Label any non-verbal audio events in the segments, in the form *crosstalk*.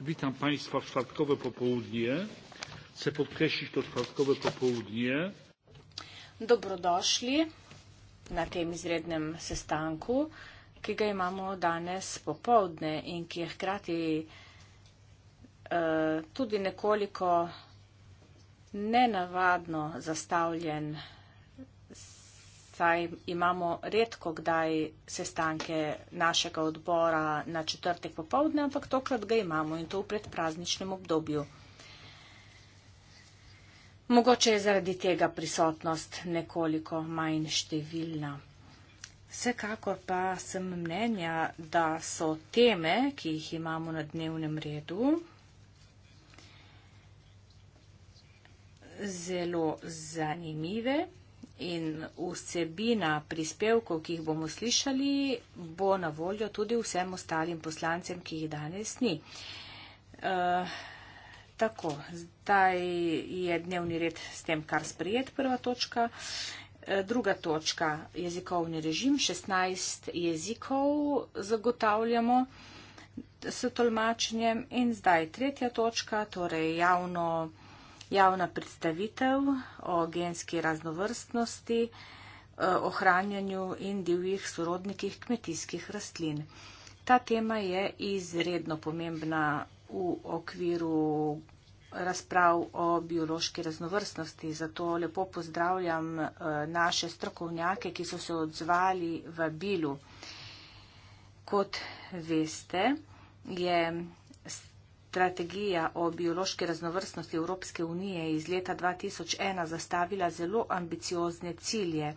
witam państwa w czwartkowe popołudnie. Chcę podkreślić to czwartkowe popołudnie. Dobrodošli na tem izrednem sestanku, ki ga imamo danes popovdne in ki je hkrati eh, tudi nekoliko nenavadno zastavljen saj imamo redko kdaj sestanke našega odbora na četrtek popovdne, ampak tokrat ga imamo in to v predprazničnem obdobju. Mogoče je zaradi tega prisotnost nekoliko manj številna. Vsekakor pa sem mnenja, da so teme, ki jih imamo na dnevnem redu, zelo zanimive. In vsebina prispevkov, ki jih bomo slišali, bo na voljo tudi vsem ostalim poslancem, ki jih danes ni. E, tako, zdaj je dnevni red s tem, kar sprijet, prva točka. E, druga točka, jezikovni režim, 16 jezikov zagotavljamo s tolmačenjem. In zdaj tretja točka, torej javno javna predstavitev o genski raznovrstnosti, eh, ohranjanju in divjih sorodnikih kmetijskih rastlin. Ta tema je izredno pomembna v okviru razprav o biološki raznovrstnosti. Zato lepo pozdravljam eh, naše strokovnjake, ki so se odzvali v bilu. Kot veste, je Strategija o biološki raznovrstnosti Evropske unije je iz leta 2001 zastavila zelo ambiciozne cilje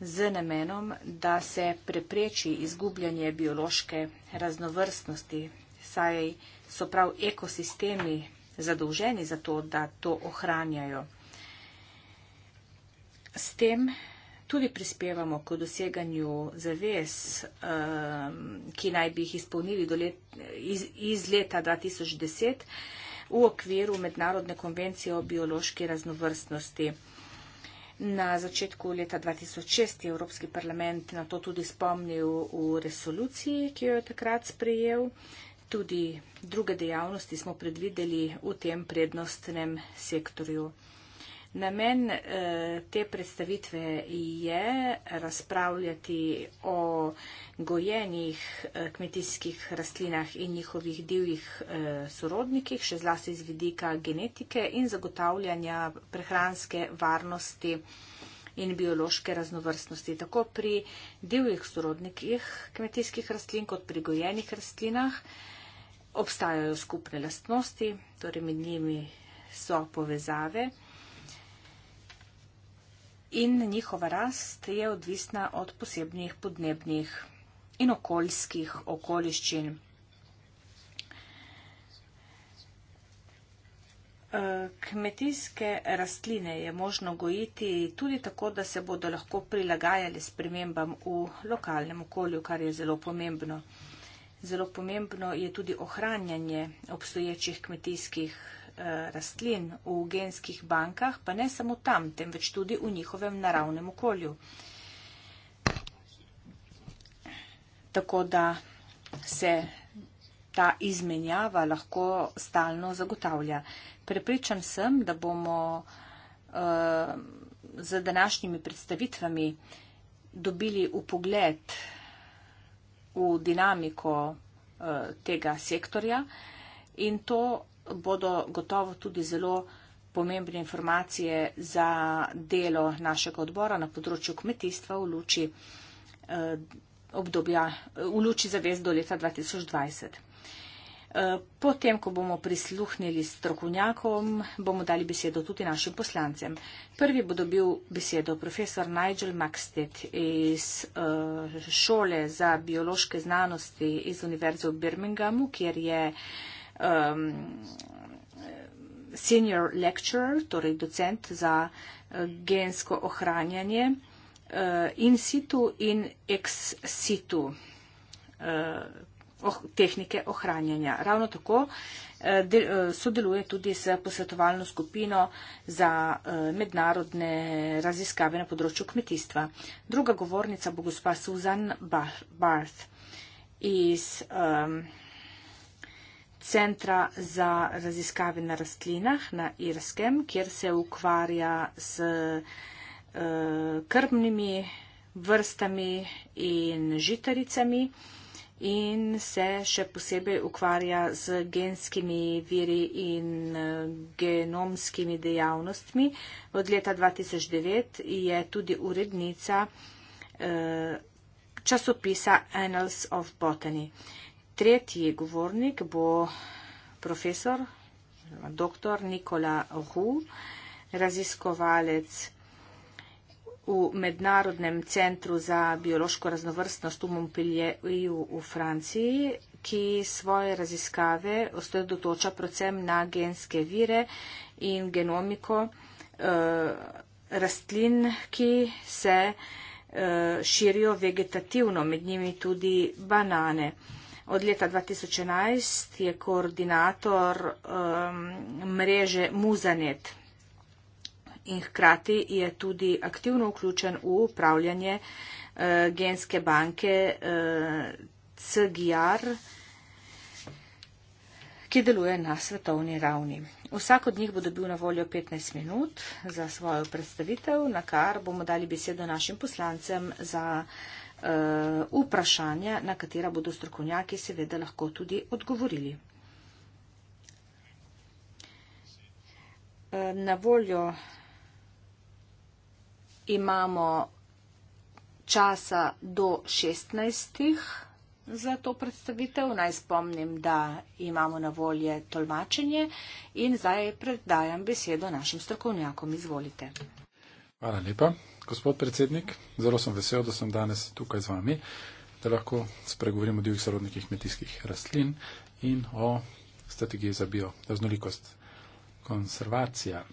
z namenom, da se prepreči izgubljanje biološke raznovrstnosti, saj so prav ekosistemi zadolženi za to, da to ohranjajo. S tem tudi prispevamo k doseganju zavez, um, ki naj bi jih izpolnili let, iz, iz leta 2010 v okviru Mednarodne konvencije o biološki raznovrstnosti. Na začetku leta 2006 je Evropski parlament na to tudi spomnil v resoluciji, ki jo je takrat sprejel. Tudi druge dejavnosti smo predvideli v tem prednostnem sektorju. Namen eh, te predstavitve je razpravljati o gojenih eh, kmetijskih rastlinah in njihovih divjih eh, sorodnikih, še zlasti z vidika genetike in zagotavljanja prehranske varnosti in biološke raznovrstnosti. Tako pri divjih sorodnikih kmetijskih rastlin kot pri gojenih rastlinah obstajajo skupne lastnosti, torej med njimi so povezave in njihova rast je odvisna od posebnih podnebnih in okoljskih okoliščin. E, kmetijske rastline je možno gojiti tudi tako, da se bodo lahko prilagajali spremembam v lokalnem okolju, kar je zelo pomembno. Zelo pomembno je tudi ohranjanje obstoječih kmetijskih Eh, rastlin v genskih bankah, pa ne samo tam, temveč tudi v njihovem naravnem okolju. Tako da se ta izmenjava lahko stalno zagotavlja. Prepričan sem, da bomo eh, z današnjimi predstavitvami dobili upogled v dinamiko eh, tega sektorja in to bodo gotovo tudi zelo pomembne informacije za delo našega odbora na področju kmetijstva v luči, eh, obdobja, v luči zavez do leta 2020. Eh, potem, ko bomo prisluhnili strokovnjakom, bomo dali besedo tudi našim poslancem. Prvi bo dobil besedo profesor Nigel Maxted iz eh, šole za biološke znanosti iz Univerze v Birminghamu, kjer je um, senior lecturer, torej docent za uh, gensko ohranjanje uh, in situ in ex situ. Uh, tehnike ohranjanja. Ravno tako del, sodeluje tudi s posvetovalno skupino za mednarodne raziskave na področju kmetijstva. Druga govornica bo gospa Susan Barth iz um, centra za raziskave na rastlinah na Irskem, kjer se ukvarja z eh, krmnimi vrstami in žitaricami in se še posebej ukvarja z genskimi viri in eh, genomskimi dejavnostmi. Od leta 2009 je tudi urednica eh, časopisa Annals of Botany. Uh, Tretji govornik bo profesor, doktor Nikola Hu, raziskovalec v Mednarodnem centru za biološko raznovrstnost v Montpellieru v Franciji, ki svoje raziskave osredotoča predvsem na genske vire in genomiko eh, rastlin, ki se eh, širijo vegetativno, med njimi tudi banane. Eh, Od leta 2011 je koordinator um, mreže Muzanet in hkrati je tudi aktivno vključen v upravljanje uh, genske banke uh, CGR, ki deluje na svetovni ravni. Vsak od njih bo dobil na voljo 15 minut za svojo predstavitev, na kar bomo dali besedo našim poslancem za. Uh, Eh, vprašanja, na katera bodo strokovnjaki seveda lahko tudi odgovorili. Eh, na voljo imamo časa do 16. za to predstavitev. Naj spomnim, da imamo na volje tolmačenje in zdaj predajam besedo našim strokovnjakom. Izvolite. Hvala lepa. Gospod predsednik, zelo sem vesel, da sem danes tukaj z vami, da lahko spregovorim o divjih sorodnikih kmetijskih rastlin in o strategiji za bioraznolikost. Konservacija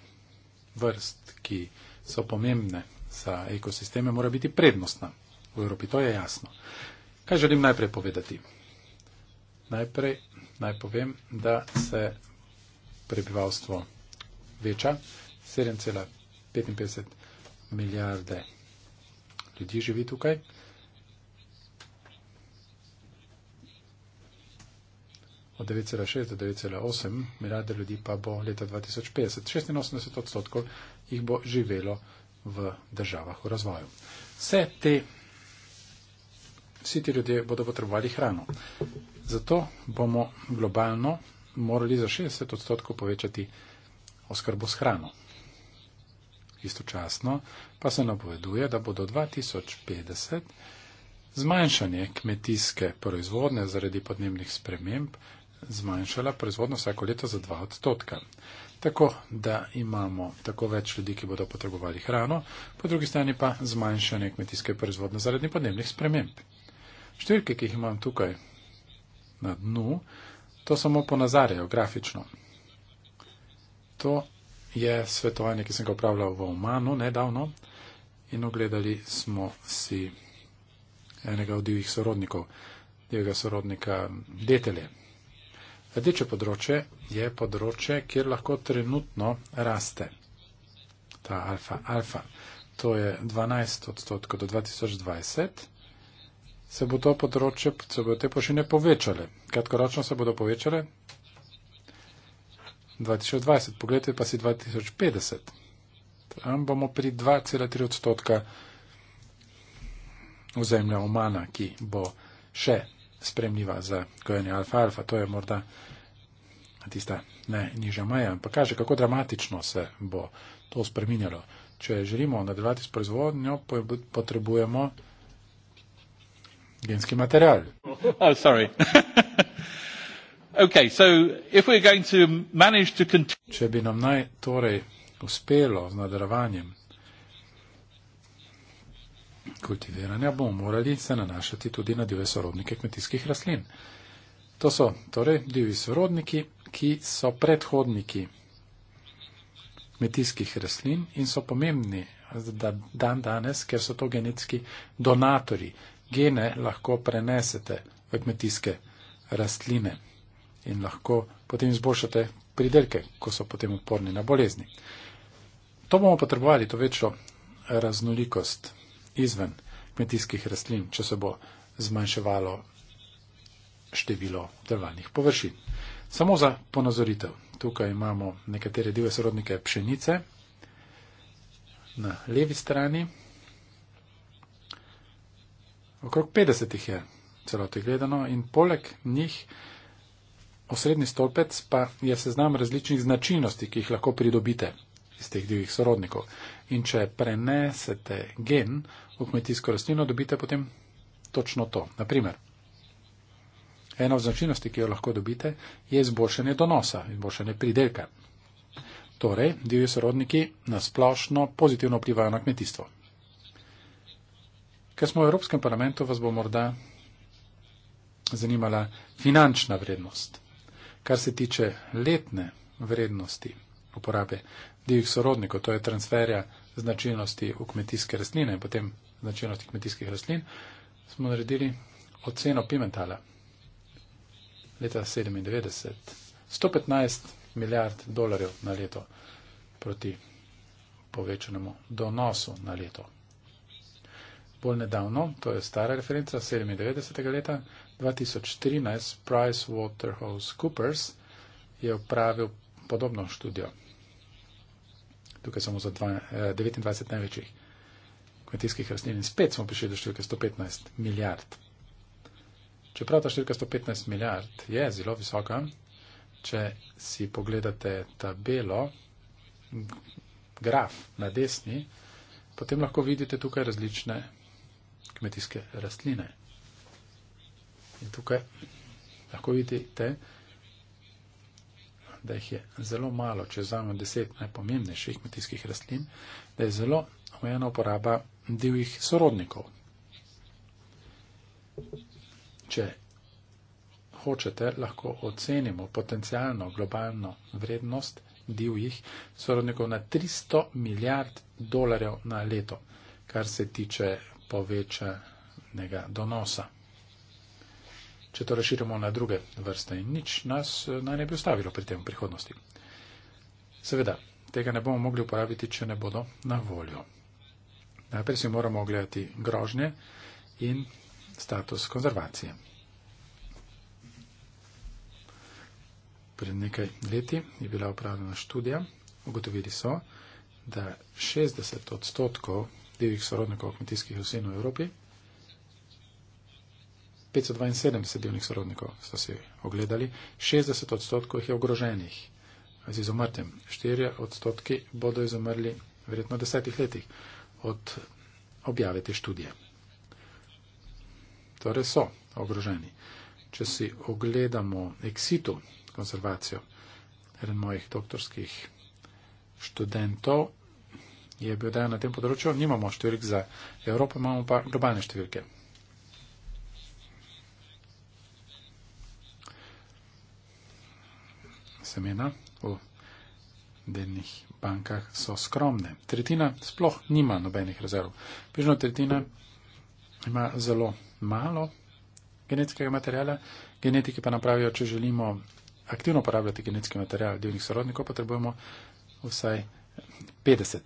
vrst, ki so pomembne za ekosisteme, mora biti prednostna v Evropi, to je jasno. Kaj želim najprej povedati? Najprej naj povem, da se prebivalstvo veča 7,55 milijarde ljudi živi tukaj. Od 9,6 do 9,8 milijarde ljudi pa bo leta 2050. 86 odstotkov jih bo živelo v državah v razvoju. Vse te, vsi ti ljudje bodo potrebovali hrano. Zato bomo globalno morali za 60 odstotkov povečati oskrbo s hrano istočasno pa se napoveduje, da bo do 2050 zmanjšanje kmetijske proizvodne zaradi podnebnih sprememb zmanjšala proizvodno vsako leto za 2 odstotka. Tako da imamo tako več ljudi, ki bodo potrebovali hrano, po drugi strani pa zmanjšanje kmetijske proizvodne zaradi podnebnih sprememb. Številke, ki jih imam tukaj na dnu, to samo ponazarjajo grafično. To je svetovanje, ki sem ga upravljal v Omanu nedavno in ogledali smo si enega od divjih sorodnikov, divjega sorodnika detelje. Rdeče področje je področje, kjer lahko trenutno raste ta alfa. Alfa, to je 12 odstotkov do 2020, se bo to področje, se bodo te površine povečale. Kratkoročno se bodo povečale, 2020, pogledajte pa si 2050. Tam bomo pri 2,3 odstotka ozemlja omana, ki bo še spremljiva za gojenje alfa-alfa. To je morda tista ne, nižja maja, ampak kaže, kako dramatično se bo to spreminjalo. Če želimo nadaljevati s proizvodnjo, potrebujemo genski material. Oh, *laughs* Če bi nam naj torej uspelo z nadaljevanjem kultiviranja, bomo morali se nanašati tudi na divje sorodnike kmetijskih rastlin. To so torej divji sorodniki, ki so predhodniki kmetijskih rastlin in so pomembni dan danes, ker so to genetski donatori. Gene lahko prenesete v kmetijske rastline in lahko potem izboljšate pridelke, ko so potem odporni na bolezni. To bomo potrebovali, to večjo raznolikost izven kmetijskih rastlin, če se bo zmanjševalo število drvalnih površin. Samo za ponazoritev. Tukaj imamo nekatere dive sorodnike pšenice na levi strani. Okrog 50 jih je celote gledano in poleg njih Osrednji stolpec pa je seznam različnih značilnosti, ki jih lahko pridobite iz teh divjih sorodnikov. In če prenesete gen v kmetijsko rastlino, dobite potem točno to. Naprimer, ena od značilnosti, ki jo lahko dobite, je izboljšanje donosa, izboljšanje pridelka. Torej, divji sorodniki nasplošno pozitivno vplivajo na kmetijstvo. Ker smo v Evropskem parlamentu, vas bo morda zanimala finančna vrednost. Kar se tiče letne vrednosti uporabe divjih sorodnikov, to je transferja značilnosti v kmetijske rastline in potem značilnosti kmetijskih rastlin, smo naredili oceno pimentala leta 1997. 115 milijard dolarjev na leto proti povečanemu donosu na leto. Bolj nedavno, to je stara referenca 1997. leta, 2013 PricewaterhouseCoopers je upravil podobno študijo. Tukaj samo za 29 eh, največjih kmetijskih rastlin in spet smo prišli do številke 115 milijard. Čeprav ta številka 115 milijard je zelo visoka, če si pogledate tabelo, graf na desni, potem lahko vidite tukaj različne kmetijske rastline. In tukaj lahko vidite, da jih je zelo malo, če vzamemo deset najpomembnejših kmetijskih rastlin, da je zelo omejena uporaba divjih sorodnikov. Če hočete, lahko ocenimo potencijalno globalno vrednost divjih sorodnikov na 300 milijard dolarjev na leto, kar se tiče povečanega donosa če to raširimo na druge vrste in nič nas eh, naj ne bi ustavilo pri tem v prihodnosti. Seveda, tega ne bomo mogli uporabiti, če ne bodo na voljo. Najprej si moramo ogledati grožnje in status konzervacije. Pred nekaj leti je bila upravljena študija. Ugotovili so, da 60 odstotkov divjih sorodnikov kmetijskih osin v Evropi 572 delovnih sorodnikov so si ogledali, 60 odstotkov jih je ogroženih z izumrtjem, 4 odstotki bodo izumrli verjetno v desetih letih od objave te študije. Torej so ogroženi. Če si ogledamo exitu konzervacijo, eden mojih doktorskih študentov je bil dejan na tem področju, nimamo številk za Evropo, imamo pa globalne številke. semena v delnih bankah so skromne. Tretjina sploh nima nobenih rezerv. Prižno tretjina ima zelo malo genetskega materijala. Genetiki pa napravijo, če želimo aktivno uporabljati genetski materijal divnih sorodnikov, potrebujemo vsaj 50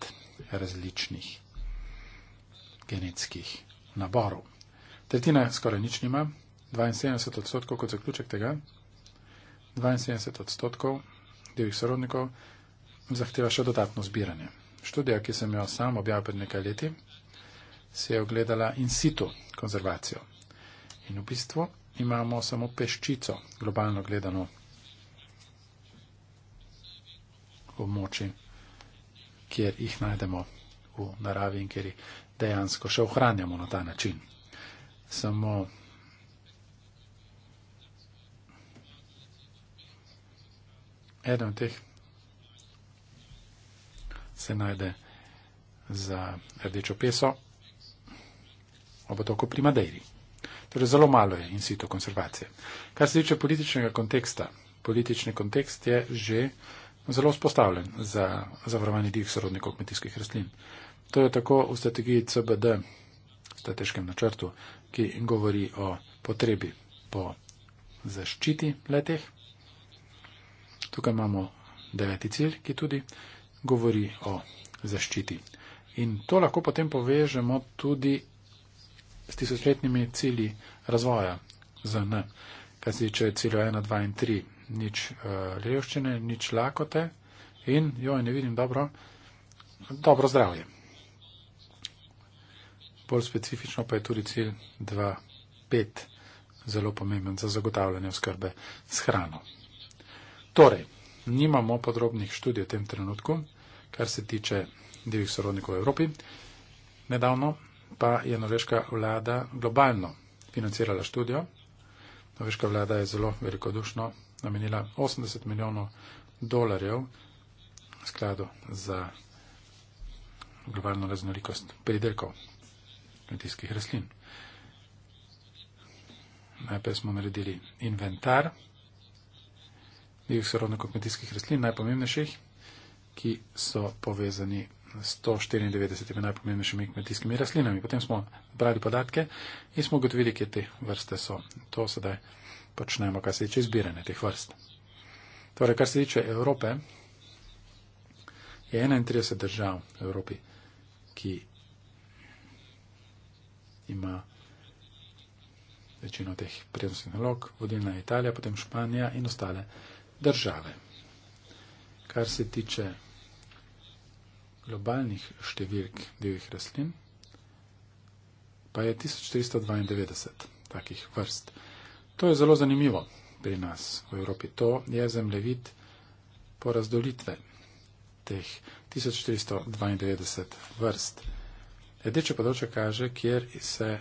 različnih genetskih naborov. Tretjina skoraj nič nima, 72 odstotkov kot zaključek tega 72 odstotkov delih sorodnikov zahteva še dodatno zbiranje. Študija, ki sem jo sam objavil pred nekaj leti, se je ogledala in situ konzervacijo. In v bistvu imamo samo peščico, globalno gledano, območji, kjer jih najdemo v naravi in kjer jih dejansko še ohranjamo na ta način. Samo Eden od teh se najde za rdečo peso ob otoku pri Madeiri. Torej zelo malo je in sito konservacije. Kar se tiče političnega konteksta, politični kontekst je že zelo spostavljen za zavarovanje div sorodnikov kmetijskih rastlin. To je tako v strategiji CBD, strateškem načrtu, ki govori o potrebi po zaščiti leteh. Tukaj imamo deveti cilj, ki tudi govori o zaščiti. In to lahko potem povežemo tudi s tisočletnimi cilji razvoja ZN, kaj se tiče ciljev 1, 2 in 3. Nič uh, revščine, nič lakote in, joj, ne vidim dobro, dobro zdravje. Bolj specifično pa je tudi cilj 2, 5, zelo pomemben za zagotavljanje oskrbe s hrano. Torej, nimamo podrobnih študij v tem trenutku, kar se tiče divjih sorodnikov v Evropi. Nedavno pa je norveška vlada globalno financirala študijo. Norveška vlada je zelo velikodušno namenila 80 milijonov dolarjev skladu za globalno raznolikost pridelkov kmetijskih rastlin. Najprej smo naredili inventar divjih sorodnikov kmetijskih rastlin, najpomembnejših, ki so povezani s 194 najpomembnejšimi kmetijskimi rastlinami. Potem smo brali podatke in smo ugotovili, kje te vrste so. To sedaj počnemo, kar se tiče izbiranja teh vrst. Torej, kar se tiče Evrope, je 31 držav v Evropi, ki ima večino teh prednostnih nalog, vodilna je Italija, potem Španija in ostale države. Kar se tiče globalnih številk divjih rastlin, pa je 1492 takih vrst. To je zelo zanimivo pri nas v Evropi. To je zemljevid po razdolitve teh 1492 vrst. Edeče področje kaže, kjer se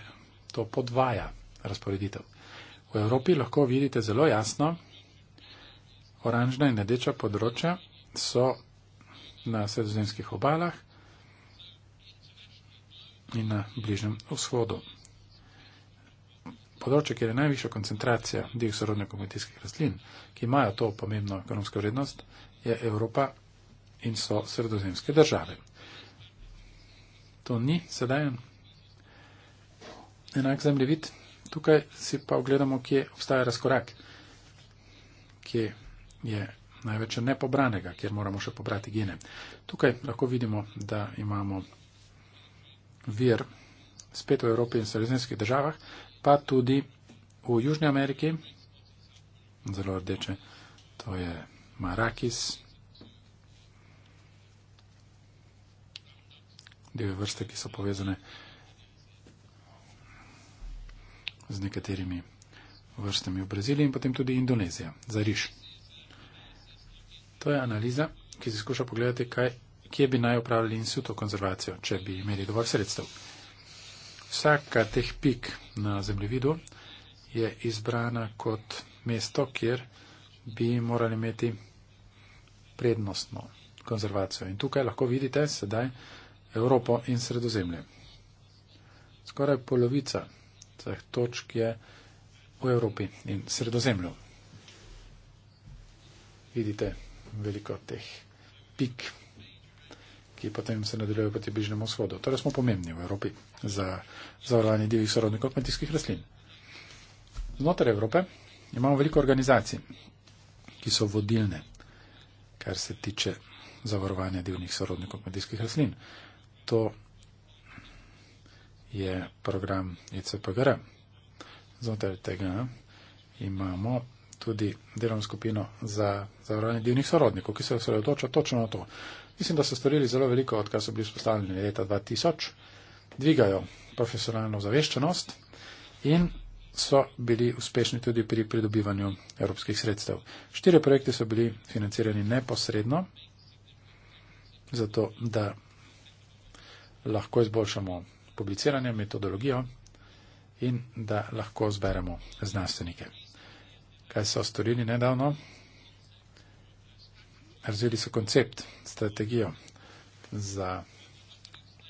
to podvaja razporeditev. V Evropi lahko vidite zelo jasno, oranžna in rdeča področja so na sredozemskih obalah in na bližnjem vzhodu. Področje, kjer je najvišja koncentracija dih sorodnih kmetijskih rastlin, ki imajo to pomembno ekonomsko vrednost, je Evropa in so sredozemske države. To ni sedaj enak zemljevid, tukaj si pa ogledamo, kje obstaja razkorak, kje je največ nepobranega, kjer moramo še pobrati gene. Tukaj lahko vidimo, da imamo vir spet v Evropi in sredozemskih državah, pa tudi v Južni Ameriki, zelo rdeče, to je Marakis, dve vrste, ki so povezane z nekaterimi vrstami v Braziliji in potem tudi Indonezija, za riž. To je analiza, ki se skuša pogledati, kaj, kje bi naj upravljali in suto konzervacijo, če bi imeli dovolj sredstev. Vsaka teh pik na zemljevidu je izbrana kot mesto, kjer bi morali imeti prednostno konzervacijo. In tukaj lahko vidite sedaj Evropo in sredozemlje. Skoraj polovica teh točk je v Evropi in sredozemlju. Vidite veliko teh pik, ki potem se nadaljujejo proti Bližnjemu vzhodu. Torej smo pomembni v Evropi za zavarovanje divjih sorodnikov kmetijskih rastlin. Znotraj Evrope imamo veliko organizacij, ki so vodilne, kar se tiče zavarovanja divjih sorodnikov kmetijskih rastlin. To je program ECPGR. Znotraj tega imamo tudi delovno skupino za zavarovanje divnih sorodnikov, ki se osredotoča točno na to. Mislim, da so storili zelo veliko, odkar so bili vzpostavljeni leta 2000, dvigajo profesionalno zaveščenost in so bili uspešni tudi pri pridobivanju evropskih sredstev. Štiri projekte so bili financirani neposredno, zato da lahko izboljšamo publiciranje, metodologijo in da lahko zberemo znanstvenike kaj so storili nedavno. Razvili so koncept, strategijo za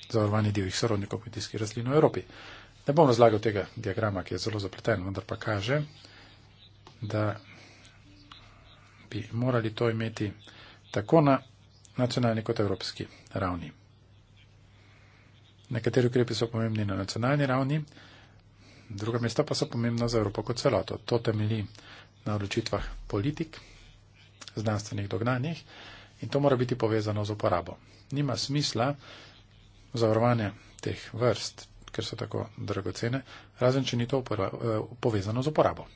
zavarovanje divjih sorodnikov kmetijskih rastlin v Evropi. Ne bom razlagal tega diagrama, ki je zelo zapleten, vendar pa kaže, da bi morali to imeti tako na nacionalni kot evropski ravni. Nekateri ukrepi so pomembni na nacionalni ravni, druga mesta pa so pomembna za Evropo kot celoto. To temelji. To na odločitvah politik, znanstvenih dognanjih in to mora biti povezano z uporabo. Nima smisla zavarovanje teh vrst, ker so tako dragocene, razen če ni to eh, povezano z uporabo.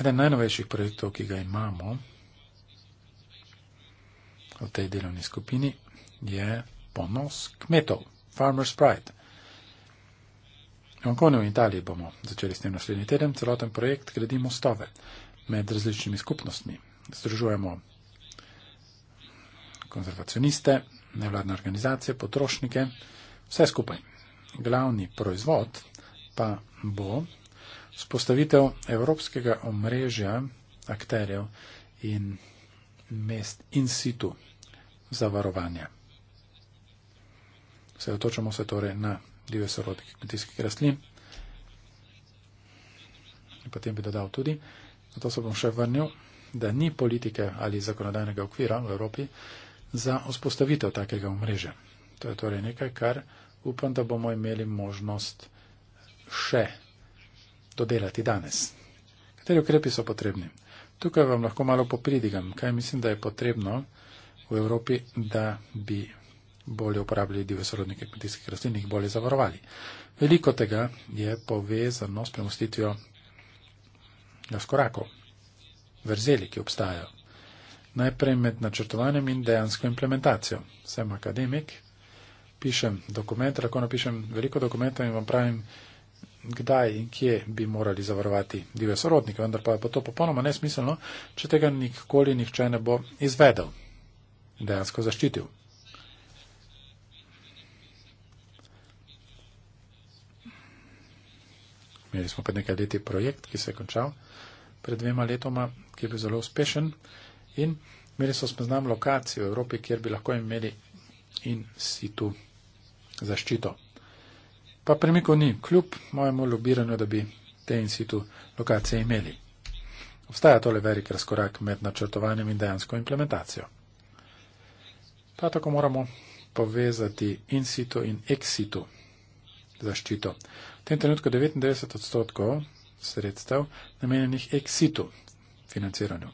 Eden najnovejših projektov, ki ga imamo v tej delovni skupini, je ponos kmetov, Farmer's Pride. Hongkonu in Italiji bomo začeli s tem naslednji teden celoten projekt Gradi mostove med različnimi skupnostmi. Združujemo konzervacioniste, nevladne organizacije, potrošnike, vse skupaj. Glavni proizvod pa bo spostavitev evropskega omrežja akterjev in mest in situ zavarovanja. Vse otočamo se torej na divjesorodnih kmetijskih rastlin. In potem bi dodal tudi, zato se bom še vrnil, da ni politike ali zakonodajnega okvira v Evropi za vzpostavitev takega omrežja. To je torej nekaj, kar upam, da bomo imeli možnost še dodelati danes. Kateri ukrepi so potrebni? Tukaj vam lahko malo popridigam, kaj mislim, da je potrebno v Evropi, da bi bolje uporabljali divje sorodnike kmetijskih rastlin in jih bolje zavarovali. Veliko tega je povezano s premustitvijo razkorakov, verzeli, ki obstajajo. Najprej med načrtovanjem in dejansko implementacijo. Sem akademik, pišem dokument, lahko napišem veliko dokumentov in vam pravim, kdaj in kje bi morali zavarovati divje sorodnike, vendar pa je pa to popolnoma nesmiselno, če tega nikoli nihče ne bo izvedel, dejansko zaščitil. Imeli smo pa nekaj leti projekt, ki se je končal pred dvema letoma, ki je bil zelo uspešen. In imeli so spoznam lokacijo v Evropi, kjer bi lahko imeli in si tu zaščito. Pa premiko ni, kljub mojemu lobiranju, da bi te in si tu lokacije imeli. Obstaja tole velik razkorak med načrtovanjem in dejansko implementacijo. Pa tako moramo povezati in situ in ex situ zaščito tem trenutku 99 odstotkov sredstev namenjenih exitu, financiranju.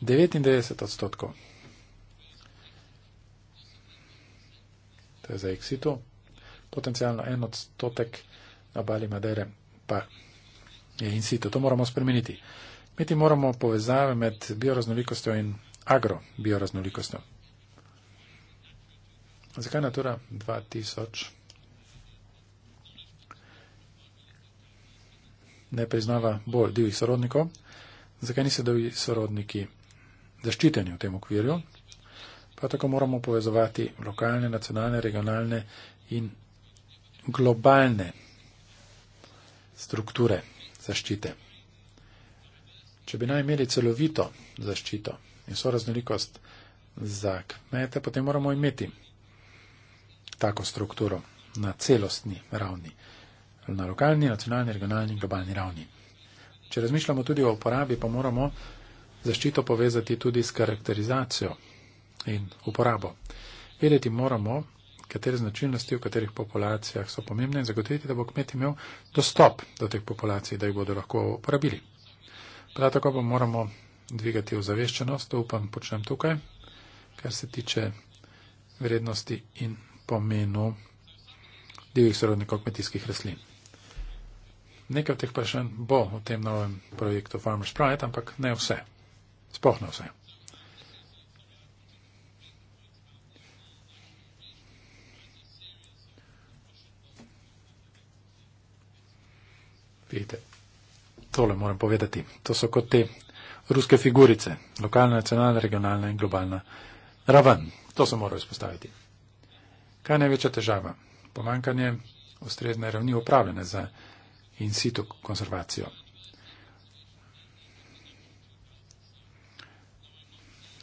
99 odstotkov. To je za exitu. Potencijalno en odstotek na obali Madere pa je in situ. To moramo spremeniti. Mi ti moramo povezave med bioraznolikostjo in agrobioraznolikostjo. Zakaj Natura 2000? ne priznava bolj divjih sorodnikov, zakaj niso divji sorodniki zaščiteni v tem okvirju, pa tako moramo povezovati lokalne, nacionalne, regionalne in globalne strukture zaščite. Če bi naj imeli celovito zaščito in soraznolikost za kmete, potem moramo imeti tako strukturo na celostni ravni na lokalni, nacionalni, regionalni in globalni ravni. Če razmišljamo tudi o uporabi, pa moramo zaščito povezati tudi s karakterizacijo in uporabo. Vedeti moramo, katere značilnosti v katerih populacijah so pomembne in zagotoviti, da bo kmet imel dostop do teh populacij, da jih bodo lahko uporabili. Prav tako pa moramo dvigati ozaveščenost, to upam počnem tukaj, kar se tiče vrednosti in pomenu divjih sorodnikov kmetijskih rastlin. Nekaj teh pa še bo v tem novem projektu Farmers Pride, ampak ne vse. Sploh ne vse. Vidite, tole moram povedati. To so kot te ruske figurice. Lokalna, nacionalna, regionalna in globalna raven. To sem moral izpostaviti. Kaj je največja težava? Pomankanje ustrezne ravni upravljene za in situ konzervacijo.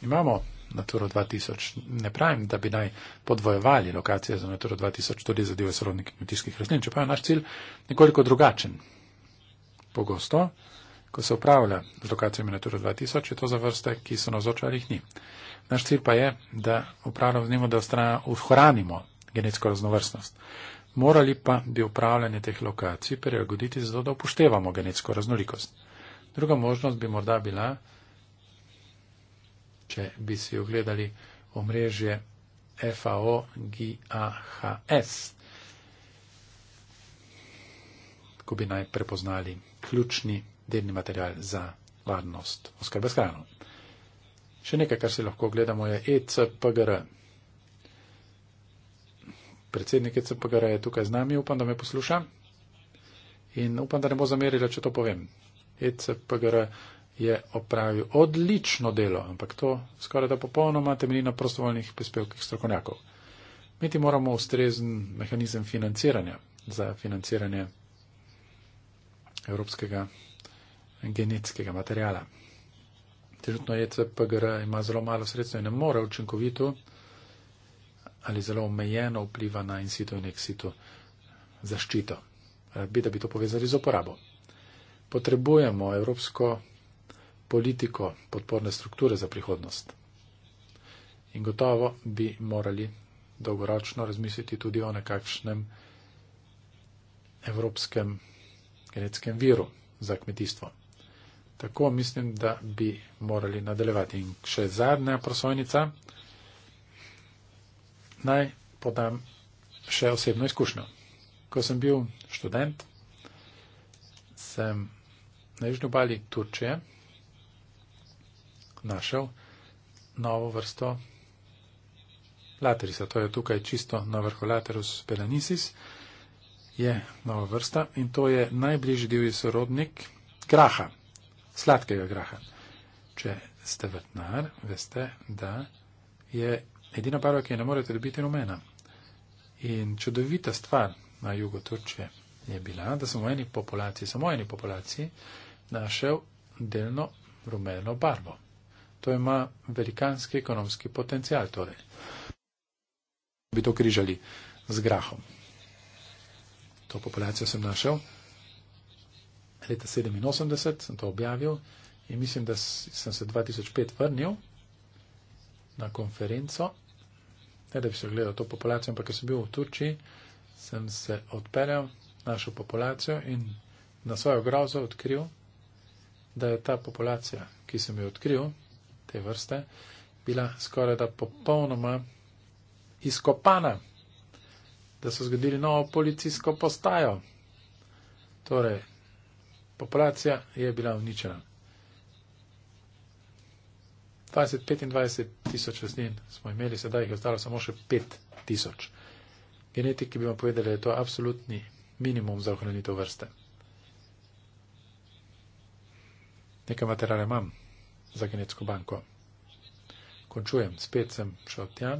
Imamo Naturo 2000, ne pravim, da bi naj podvojevali lokacije za Naturo 2000 tudi za divje sorodnike kmetijskih rastlin, čeprav je naš cilj nekoliko drugačen. Pogosto, ko se upravlja z lokacijami Naturo 2000, je to za vrste, ki so navzočali ali jih ni. Naš cilj pa je, da upravljamo z njimo, da ohranimo genetsko raznovrstnost. Morali pa bi upravljanje teh lokacij prilagoditi zato, da upoštevamo genetsko raznolikost. Druga možnost bi morda bila, če bi si ogledali omrežje FAO GAHS, ko bi naj prepoznali ključni delni material za varnost oskrbe s hrano. Še nekaj, kar si lahko gledamo, je ECPGR predsednik ECPGR je tukaj z nami, upam, da me posluša in upam, da ne bo zamerila, če to povem. ECPGR je opravil odlično delo, ampak to skoraj da popolnoma temelji na prostovoljnih prispevkih strokovnjakov. Mi ti moramo ustrezen mehanizem financiranja za financiranje evropskega genetskega materijala. Trenutno ECPGR ima zelo malo sredstva in ne more učinkovito ali zelo omejeno vpliva na in situ in eksitu zaščito. Rad eh, bi, da bi to povezali z uporabo. Potrebujemo evropsko politiko podporne strukture za prihodnost. In gotovo bi morali dolgoročno razmisliti tudi o nekakšnem evropskem genetskem viru za kmetijstvo. Tako mislim, da bi morali nadaljevati. In še zadnja prosojnica. Naj podam še osebno izkušnjo. Ko sem bil študent, sem na Južni obali Turčije našel novo vrsto laterisa. To je tukaj čisto na vrhu laterus pelanisis. Je nova vrsta in to je najbližji divji sorodnik graha, sladkega graha. Če ste vrtnar, veste, da je Edina barva, ki je ne morete dobiti, je rumena. In čudovita stvar na jugu Turčije je bila, da sem v eni populaciji, samo v eni populaciji, našel delno rumeno barvo. To ima velikanski ekonomski potencial, torej. Bi to križali z grahom. To populacijo sem našel leta 87, sem to objavil in mislim, da sem se 2005 vrnil na konferenco ne da bi se gledal to populacijo, ampak ker sem bil v Turčiji, sem se odpeljal našo populacijo in na svojo grozo odkril, da je ta populacija, ki sem jo odkril, te vrste, bila skoraj da popolnoma izkopana, da so zgodili novo policijsko postajo. Torej, populacija je bila uničena. 20, 25 tisoč vrstnin smo imeli, sedaj jih je ostalo samo še 5 tisoč. Genetiki bi vam povedali, da je to absolutni minimum za ohranitev vrste. Nekaj materijale imam za genetsko banko. Končujem, spet sem šel tja,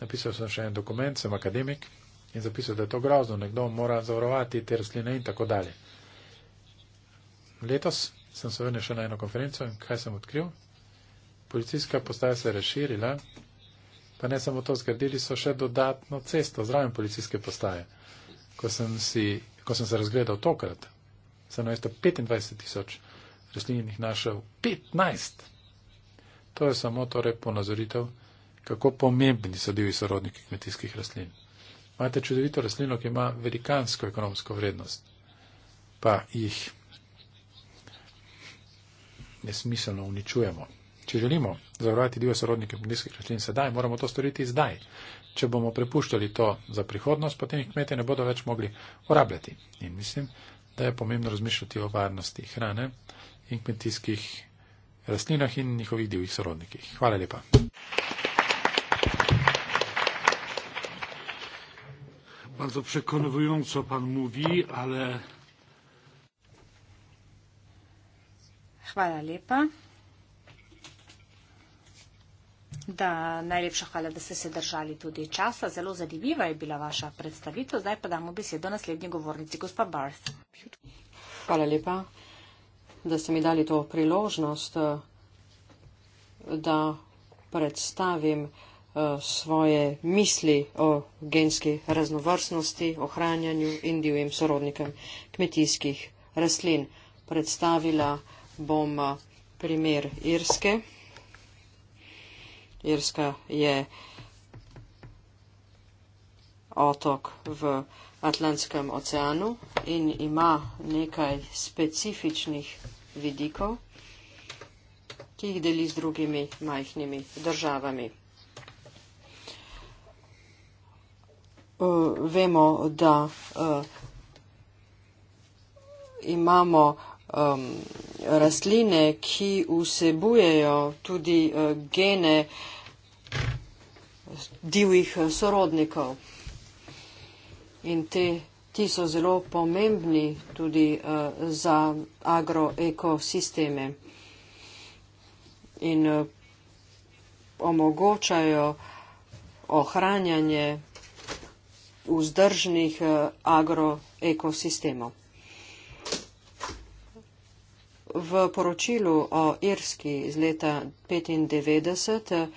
napisal sem še en dokument, sem akademik in zapisal, da je to grozno, nekdo mora zavarovati te rastline in tako dalje. Letos sem se vrnil še na eno konferenco in kaj sem odkril? policijska postaja se je razširila, pa ne samo to, zgradili so še dodatno cesto zraven policijske postaje. Ko sem, si, ko sem se razgledal tokrat, sem na mesto 25 tisoč rastlinjenih našel 15. To je samo torej ponazoritev, kako pomembni so divji sorodniki kmetijskih rastlin. Imate čudovito rastlino, ki ima velikansko ekonomsko vrednost, pa jih nesmiselno uničujemo. Če želimo zavarovati divje sorodnike kmetijskih rastlin sedaj, moramo to storiti zdaj. Če bomo prepuščali to za prihodnost, potem jih kmetje ne bodo več mogli uporabljati. In mislim, da je pomembno razmišljati o varnosti hrane in kmetijskih rastlinah in njihovih divjih sorodnikih. Hvala lepa. Bardzo przekonująco pan mówi, ale. Chwała lepa da najlepša hvala, da ste se držali tudi časa. Zelo zanimiva je bila vaša predstavitev. Zdaj pa damo besedo naslednji govornici, gospa Barth. Hvala lepa, da ste mi dali to priložnost, da predstavim eh, svoje misli o genski raznovrstnosti, ohranjanju in divjim sorodnikem kmetijskih rastlin. Predstavila bom eh, primer Irske. Irska je otok v Atlantskem oceanu in ima nekaj specifičnih vidikov, ki jih deli z drugimi majhnimi državami. Uh, vemo, da uh, imamo um, rastline, ki vsebujejo tudi eh, gene divjih eh, sorodnikov. In te, ti so zelo pomembni tudi eh, za agroekosisteme in omogočajo ohranjanje vzdržnih agroekosistemov. V poročilu o Irski iz leta 1995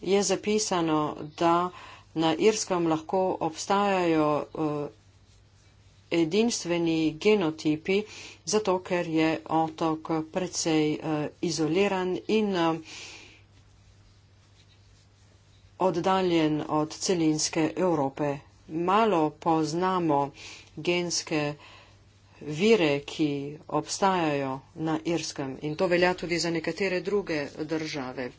je zapisano, da na Irskem lahko obstajajo eh, edinstveni genotipi, zato ker je otok precej eh, izoliran in eh, oddaljen od celinske Evrope. Malo poznamo genske genotipe vire, ki obstajajo na Irskem in to velja tudi za nekatere druge države.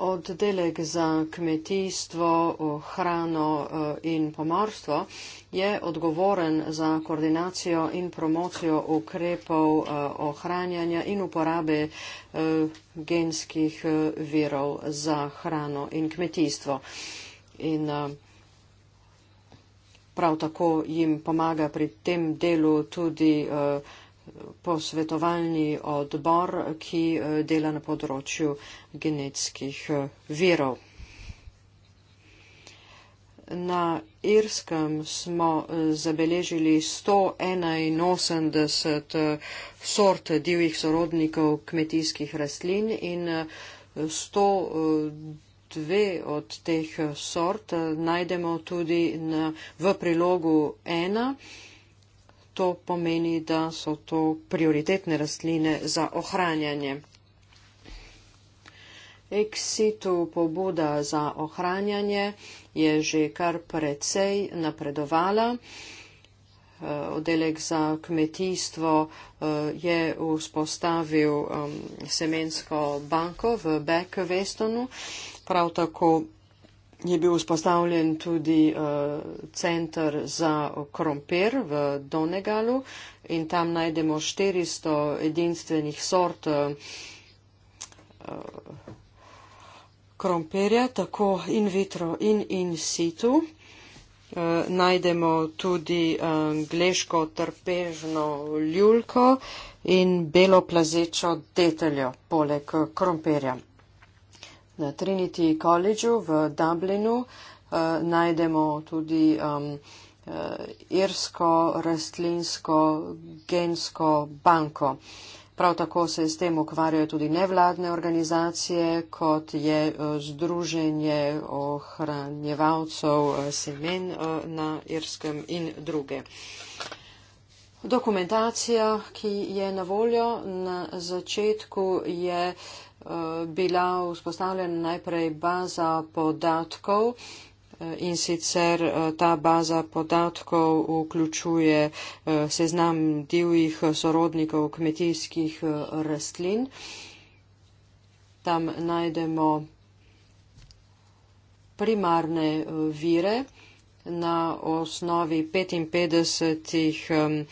Oddelek za kmetijstvo, hrano eh, in pomorstvo je odgovoren za koordinacijo in promocijo ukrepov eh, ohranjanja in uporabe eh, genskih virov za hrano in kmetijstvo. In, uh, prav tako jim pomaga pri tem delu tudi eh, posvetovalni odbor, ki eh, dela na področju genetskih eh, virov. Na Irskem smo zabeležili 181 sort divjih sorodnikov kmetijskih rastlin in 100 dve od teh eh, sort eh, najdemo tudi na, v prilogu ena. To pomeni, da so to prioritetne rastline za ohranjanje. Exitu pobuda za ohranjanje je že kar precej napredovala. Eh, Odelek za kmetijstvo je vzpostavil semensko banko v Beckvestonu. Prav tako je bil vzpostavljen tudi uh, eh, centr za krompir v Donegalu in tam najdemo 400 edinstvenih sort uh, krompirja, tako in vitro in in situ. Uh, najdemo tudi angliško trpežno ljulko in belo plazečo deteljo poleg krompirja na Trinity College v Dublinu uh, najdemo tudi um, uh, irsko rastlinsko gensko banko. Prav tako se s tem ukvarjajo tudi nevladne organizacije, kot je eh, Združenje ohranjevalcev semen na Irskem in druge. Dokumentacija, ki je na voljo na začetku, je uh, bila vzpostavljena najprej baza podatkov eh, in sicer eh, ta baza podatkov vključuje eh, seznam divjih sorodnikov kmetijskih rastlin. Tam najdemo primarne vire na osnovi 55 um,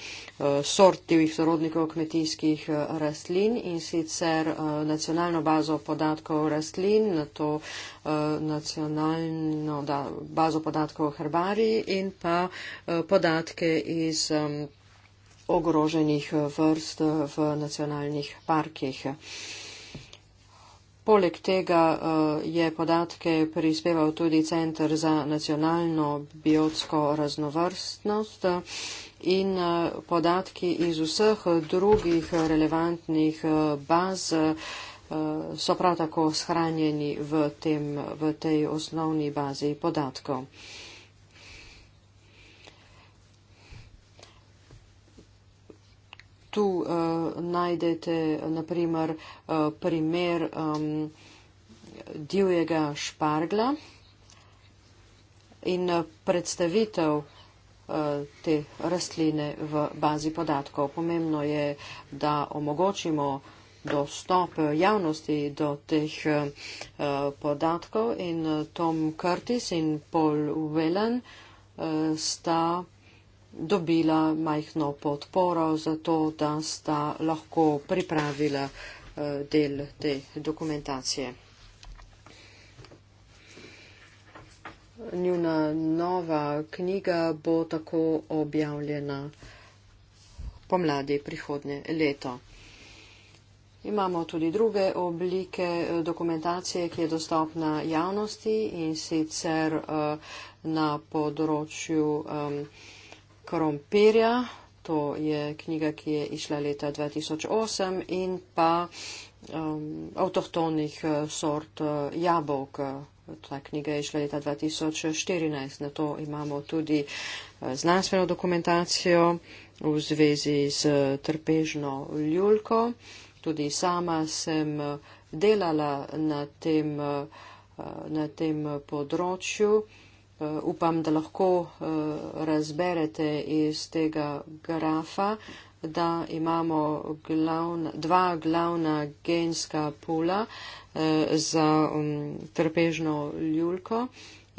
sort divjih sorodnikov kmetijskih eh, rastlin in sicer uh, nacionalno bazo podatkov rastlin, na to uh, eh, nacionalno da, bazo podatkov o herbariji in pa uh, podatke iz. Um, ogroženih vrst v nacionalnih parkih. Poleg tega eh, je podatke prispeval tudi Centr za nacionalno biotsko raznovrstnost eh, in eh, podatki iz vseh drugih relevantnih baz so prav tako shranjeni v, tem, v tej osnovni bazi podatkov. tu uh, najdete eh, naprimer uh, primer um, divjega špargla in predstavitev te rastline v bazi podatkov. Pomembno je, da omogočimo dostop javnosti do teh uh, podatkov in Tom Curtis in Paul Whelan uh, sta dobila majhno podporo za to, da sta lahko pripravila eh, del te dokumentacije. Njuna nova knjiga bo tako objavljena pomladi prihodnje leto. Imamo tudi druge oblike eh, dokumentacije, ki je dostopna javnosti in sicer eh, na področju um, krompirja. To je knjiga, ki je išla leta 2008 in pa um, avtohtonih eh, sort eh, jabolk. Ta knjiga je išla leta 2014. Na to imamo tudi eh, znanstveno dokumentacijo v zvezi z trpežno ljulko. Tudi sama sem delala na tem, na tem področju. Um, Eh, upam, da lahko eh, razberete iz tega grafa, da imamo glavna, dva glavna genska pula eh, za mm, trpežno ljulko.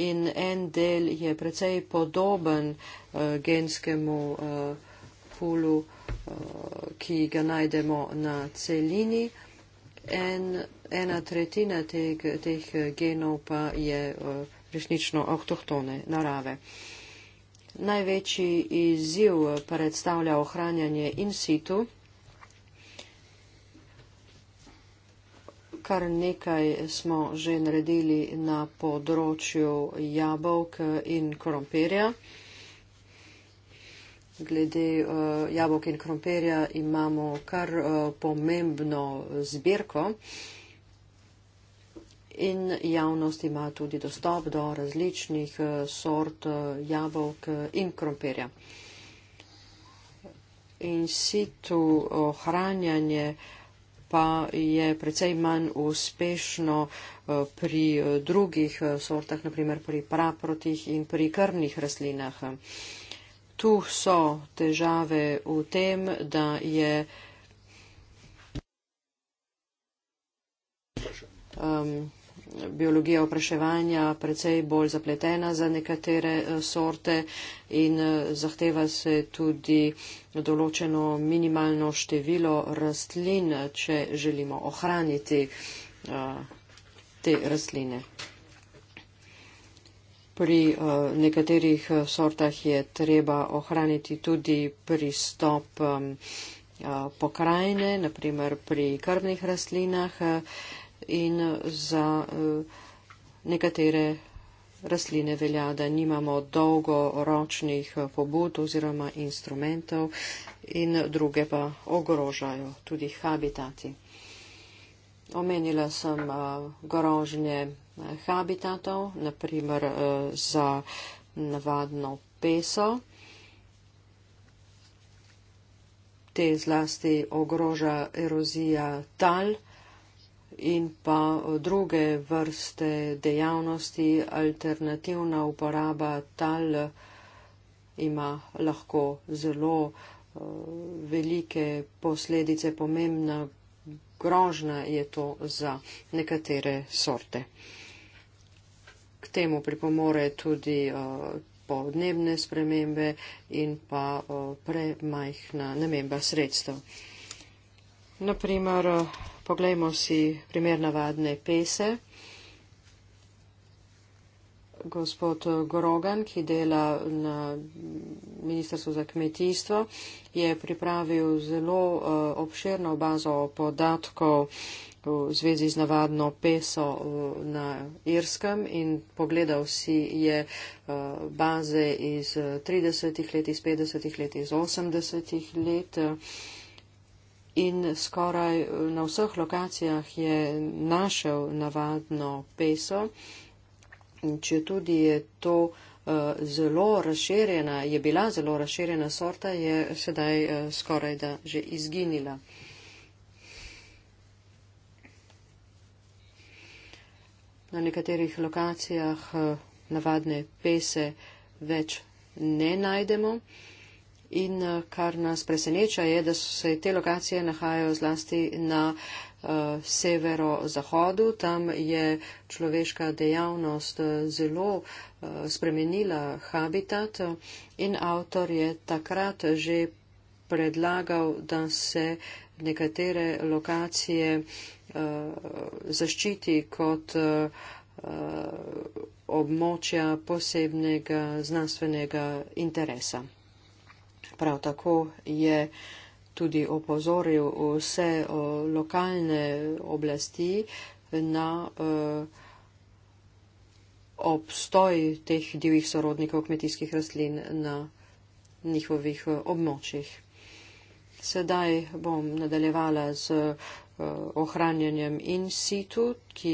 In en del je precej podoben uh, genskemu uh, pulu, uh, ki ga najdemo na celini. En, ena tretjina teh, teh genov pa je. Uh, resnično avtohtone narave. Največji izziv predstavlja ohranjanje in situ. Kar nekaj smo že naredili na področju jabolk in krompirja. Glede uh, jabolk in krompirja imamo kar uh, pomembno zbirko. Uh, in javnost ima tudi dostop do različnih eh, sort eh, jabolk eh, in krompirja. In situ ohranjanje pa je precej manj uspešno pri drugih sortah, naprimer pri praprotih in pri krmnih rastlinah. Tu so težave v tem, da je um, biologija opraševanja precej bolj zapletena za nekatere eh, sorte in eh, zahteva se tudi določeno minimalno število rastlin, če želimo ohraniti eh, te rastline. Pri nekaterih sortah je treba ohraniti tudi pristop pokrajine, naprimer pri krvnih rastlinah in eh, za eh, nekatere rastline velja, da nimamo dolgoročnih eh, pobud oziroma instrumentov in druge pa ogrožajo tudi habitati. Omenila sem grožnje habitatov, naprimer za navadno peso. Te zlasti ogroža erozija tal in pa eh, druge vrste dejavnosti, alternativna uporaba tal eh, ima lahko zelo eh, velike posledice, pomembna grožna je to za nekatere sorte. K temu pripomore tudi podnebne spremembe in pa premajhna namemba sredstev. Naprimer, eh, poglejmo si primer navadne pese. Gospod Gorogan, ki dela na Ministrstvu za kmetijstvo, je pripravil zelo eh, obširno bazo podatkov v zvezi z navadno peso eh, na Irskem in pogledal si je baze iz 30-ih let, iz 50-ih let, iz 80-ih let in skoraj na vseh lokacijah je našel navadno peso, če tudi je to eh, zelo razširjena, je bila zelo razširjena sorta, je sedaj eh, skoraj da že izginila. Na nekaterih lokacijah eh, navadne pese več ne najdemo. In eh, kar nas preseneča je, da se te lokacije nahajajo zlasti na eh, severo-zahodu. Tam je človeška dejavnost eh, zelo spremenila habitat in avtor je takrat že predlagal, da se nekatere lokacije zaščiti kot območja posebnega znanstvenega interesa. Prav tako je tudi opozoril vse eh, lokalne oblasti na eh, obstoj teh divjih sorodnikov kmetijskih rastlin na njihovih eh, območjih. Sedaj bom nadaljevala z ohranjanjem in situ, ki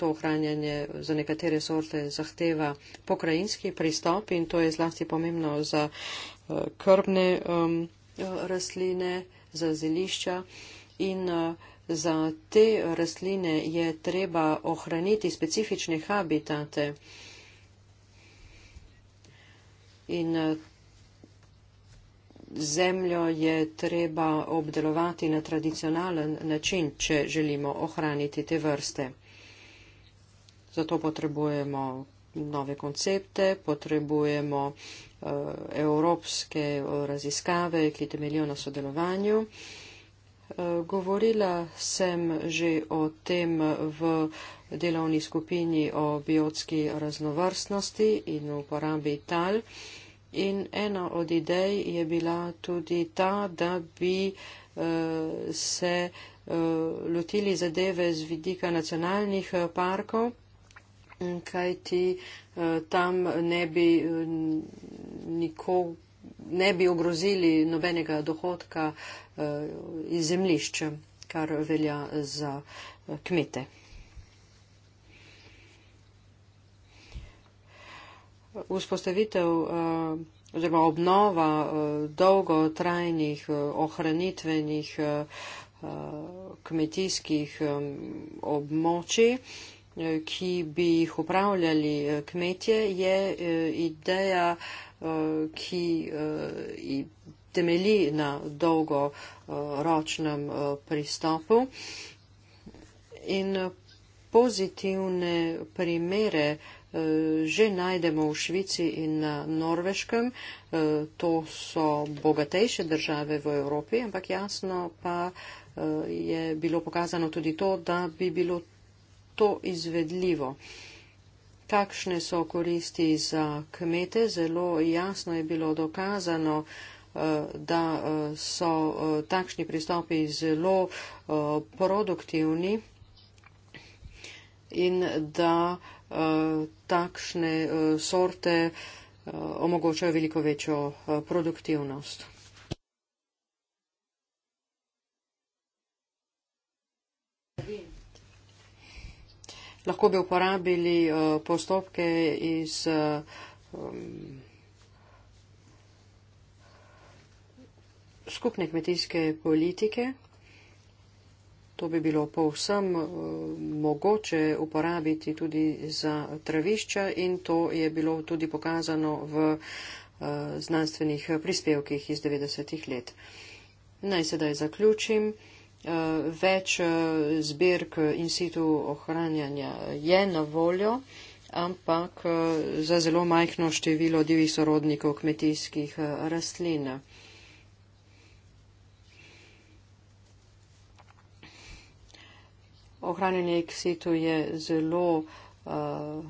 to ohranjanje za nekatere sorte zahteva pokrajinski pristop in to je zlasti pomembno za Eh, krbne um, eh, rastline, za zelišča in uh, za te rastline je treba ohraniti specifične habitate. In uh, zemljo je treba obdelovati na tradicionalen način, če želimo ohraniti te vrste. Zato potrebujemo nove koncepte, potrebujemo eh, evropske eh, raziskave, ki temeljijo na sodelovanju. Eh, govorila sem že o tem v delovni skupini o biotski raznovrstnosti in uporabi tal. In ena od idej je bila tudi ta, da bi se lotili zadeve z vidika nacionalnih parkov kaj ti eh, tam ne bi eh, nikogar ne bi ogrozili nobenega dohodka eh, iz zemlišča, kar velja za kmete. Vzpostavitev oziroma obnova dolgotrajnih ohranitvenih kmetijskih območij ki bi jih upravljali eh, kmetje, je eh, ideja, eh, ki temelji na dolgoročnem pristopu. In pozitivne primere že najdemo v Švici in na Norveškem. To so bogatejše države v Evropi, ampak jasno pa je bilo pokazano tudi to, da bi bilo to izvedljivo. Kakšne so koristi za kmete? Zelo jasno je bilo dokazano, eh, da eh, so eh, takšni pristopi zelo produktivni in da takšne sorte omogočajo veliko večjo produktivnost. lahko bi uporabili uh, postopke iz uh, skupne kmetijske politike. To bi bilo povsem uh, mogoče uporabiti tudi za travišča in to je bilo tudi pokazano v uh, znanstvenih prispevkih iz 90-ih let. Naj sedaj zaključim. Eh, več eh, zbirk in situ ohranjanja je na voljo, ampak eh, za zelo majhno število divjih sorodnikov kmetijskih rastlin. Ohranjanje eksitu je zelo uh,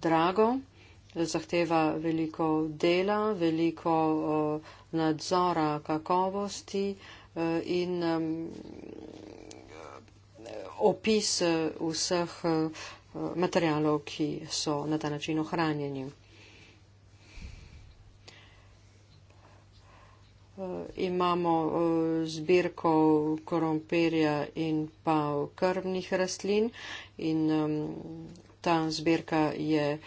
drago, zahteva veliko dela, veliko uh, nadzora kakovosti, uh, Eh, in eh, opis eh, vseh materialov, ki so na ta način ohranjeni. Imamo zbirko korumpirja in pa krvnih rastlin in ta zbirka je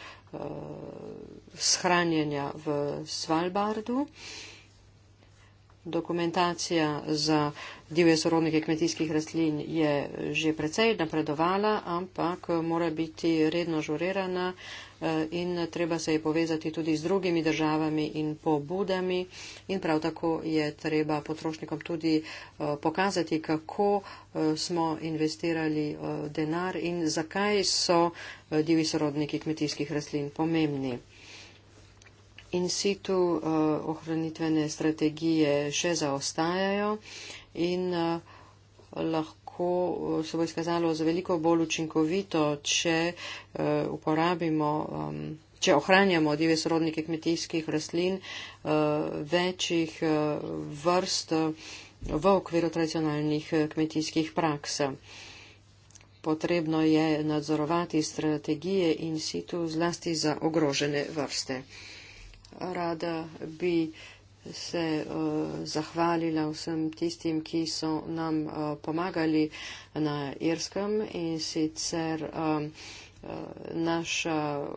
shranjenja v Svalbardu. Dokumentacija za divje sorodnike kmetijskih rastlin je že precej napredovala, ampak mora biti redno žurirana eh, in treba se je povezati tudi z drugimi državami in pobudami. In prav tako je treba potrošnikom tudi eh, pokazati, kako eh, smo investirali denar in zakaj so divji sorodniki kmetijskih rastlin pomembni in situ uh, ohranitvene strategije še zaostajajo in uh, lahko eh, se bo izkazalo za veliko bolj učinkovito, če uh, uporabimo. Um, Če ohranjamo divje sorodnike kmetijskih rastlin večjih vrst v okviru tradicionalnih kmetijskih praks, potrebno je nadzorovati strategije in situ zlasti za ogrožene vrste rada bi se uh, zahvalila vsem tistim, ki so nam uh, pomagali na Irskem in sicer uh, Naša,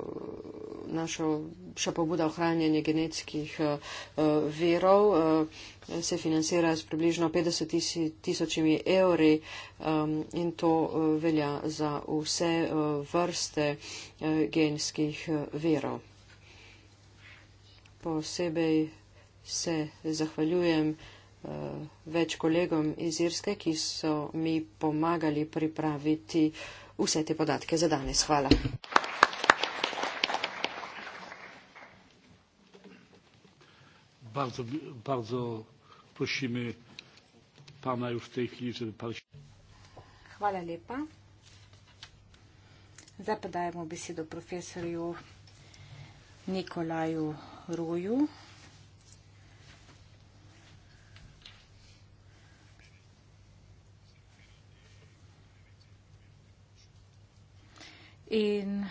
naša, naša pobuda ohranjanja genetskih uh, virov uh, se financira s približno 50 tisočimi evri um, in to uh, velja za vse uh, vrste uh, genskih uh, virov posebej se zahvaljujem uh, več kolegom iz Irske, ki so mi pomagali pripraviti vse te podatke za danes. Hvala. Bardzo, bardzo prosimy pana już w tej chwili, żeby pan się... Chwala lepa. Zapadajmy obiecie do profesoru Nikolaju roju. In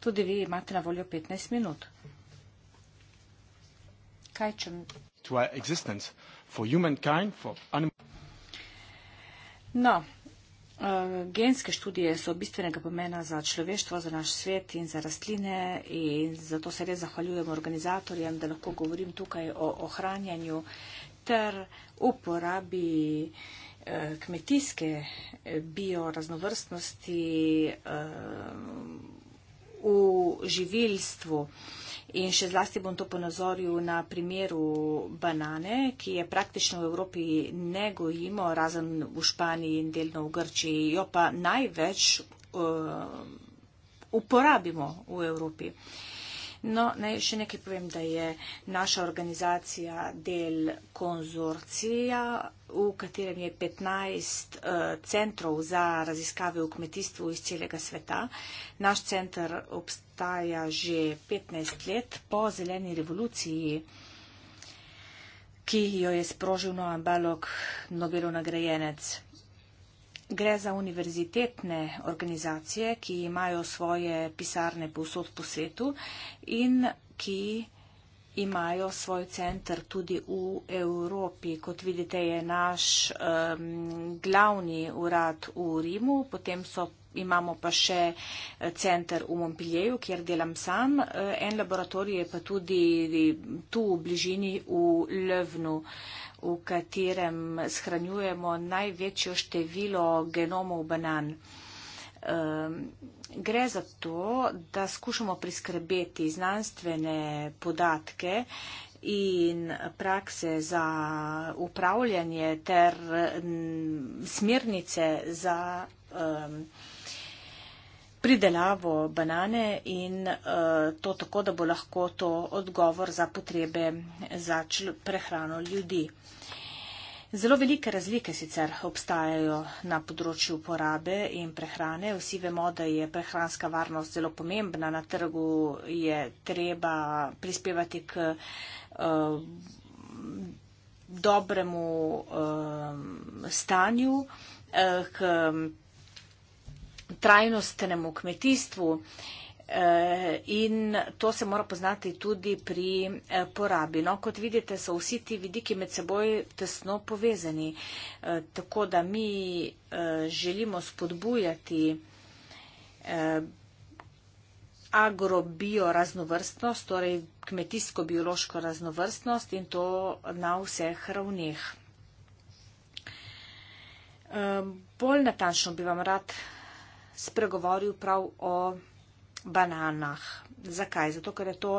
tudi vi imate na voljo 15 minut. Kaj če... To je existence for humankind, for animals. No, Eh, genske študije so bistvenega pomena za človeštvo, za naš svet in za rastline in zato se res zahvaljujem organizatorjem, da lahko govorim tukaj o ohranjanju ter uporabi eh, kmetijske eh, bioraznovrstnosti v živilstvu. In še zlasti bom to ponazoril na primeru banane, ki je praktično v Evropi ne gojimo, razen v Španiji in delno v Grčiji, jo pa največ uh, uporabimo v Evropi. No, naj še nekaj povem, da je naša organizacija del konzorcija, v katerem je 15 uh, eh, centrov za raziskave v kmetijstvu iz celega sveta. Naš center obstaja obstaja že 15 let po zeleni revoluciji, ki jo je sprožil Noam Balog, Nobelov nagrajenec. Gre za univerzitetne organizacije, ki imajo svoje pisarne povsod po svetu in ki imajo svoj centr tudi v Evropi. Kot vidite, je naš um, glavni urad v Rimu, potem so imamo pa še eh, center v Montpellieru, kjer delam sam. Eh, en laboratorij je pa tudi tu v bližini v Lövnu, v katerem shranjujemo največjo število genomov banan. Ehm, gre za to, da skušamo priskrbeti znanstvene podatke in prakse za upravljanje ter smernice za um, pridelavo banane in eh, to tako, da bo lahko to odgovor za potrebe za prehrano ljudi. Zelo velike razlike sicer obstajajo na področju uporabe in prehrane. Vsi vemo, da je prehranska varnost zelo pomembna. Na trgu je treba prispevati k uh, dobremu uh, stanju, uh, k trajnostnemu kmetijstvu eh, in to se mora poznati tudi pri eh, porabi. No, kot vidite, so vsi ti vidiki med seboj tesno povezani, eh, tako da mi želimo spodbujati agrobio raznovrstnost, torej kmetijsko-biološko raznovrstnost in to na vseh ravneh. Bolj natančno bi vam rad povedal, spregovoril prav o bananah. Zakaj? Zato, ker je to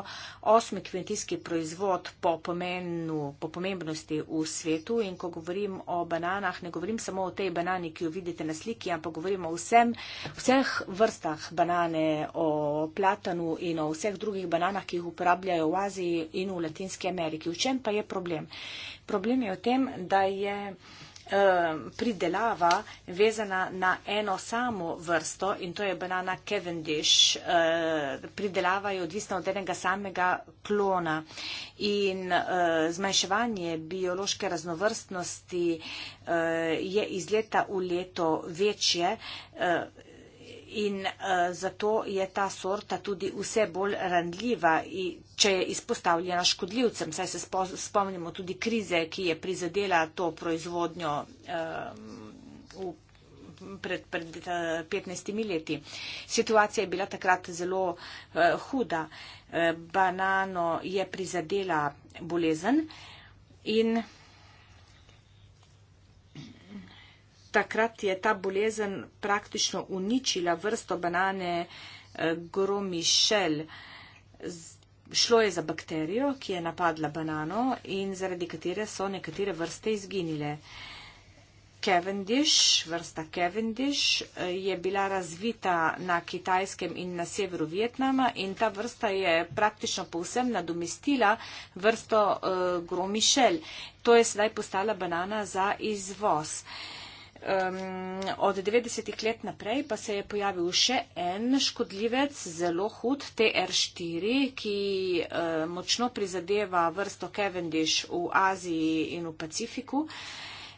osmi kmetijski proizvod po, pomenu, po pomembnosti v svetu in ko govorim o bananah, ne govorim samo o tej banani, ki jo vidite na sliki, ampak govorim o vsem, vseh vrstah banane, o platanu in o vseh drugih bananah, ki jih uporabljajo v Aziji in v Latinski Ameriki. V čem pa je problem? Problem je v tem, da je pridelava vezana na eno samo vrsto in to je banana Cavendish. Eh, pridelava je odvisna od enega samega klona in eh, zmanjševanje biološke raznovrstnosti eh, je iz leta v leto večje in uh, zato je ta sorta tudi vse bolj randljiva, če je izpostavljena škodljivcem. Saj se spo, spomnimo tudi krize, ki je prizadela to proizvodnjo uh, v, pred, pred uh, eh, 15 leti. Situacija je bila takrat zelo uh, huda. Uh, banano je prizadela bolezen in takrat je ta bolezen praktično uničila vrsto banane eh, gromišel. Šlo je za bakterijo, ki je napadla banano in zaradi katere so nekatere vrste izginile. Cavendish, vrsta Cavendish eh, je bila razvita na kitajskem in na severu Vietnama in ta vrsta je praktično povsem nadomestila vrsto uh, eh, gromišel. To je sedaj postala banana za izvoz. Uh, um, od 90-ih let naprej pa se je pojavil še en škodljivec, zelo hud, TR4, ki uh, močno prizadeva vrsto Cavendish v Aziji in v Pacifiku. Uh,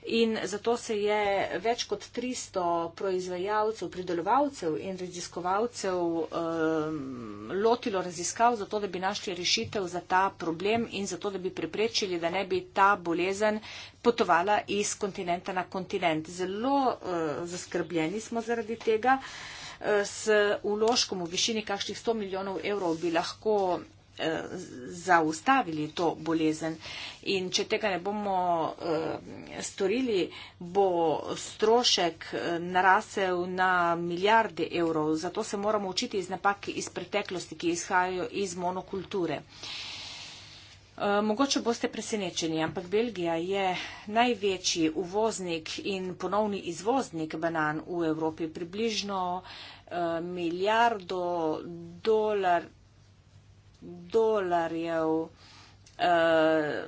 in zato se je več kot 300 proizvajalcev, pridelovalcev in raziskovalcev eh, lotilo raziskav, zato da bi našli rešitev za ta problem in zato da bi preprečili, da ne bi ta bolezen potovala iz kontinenta na kontinent. Zelo eh, zaskrbljeni smo zaradi tega. Eh, s uložkom v višini kakšnih 100 milijonov evrov bi lahko Eh, zaustavili to bolezen. In če tega ne bomo eh, storili, bo strošek eh, narasel na milijarde evrov. Zato se moramo učiti iz napak iz preteklosti, ki izhajajo iz monokulture. Mogoče boste presenečeni, ampak Belgija je največji uvoznik in ponovni izvoznik banan v Evropi. Približno milijardo dolar, dolarjev eh,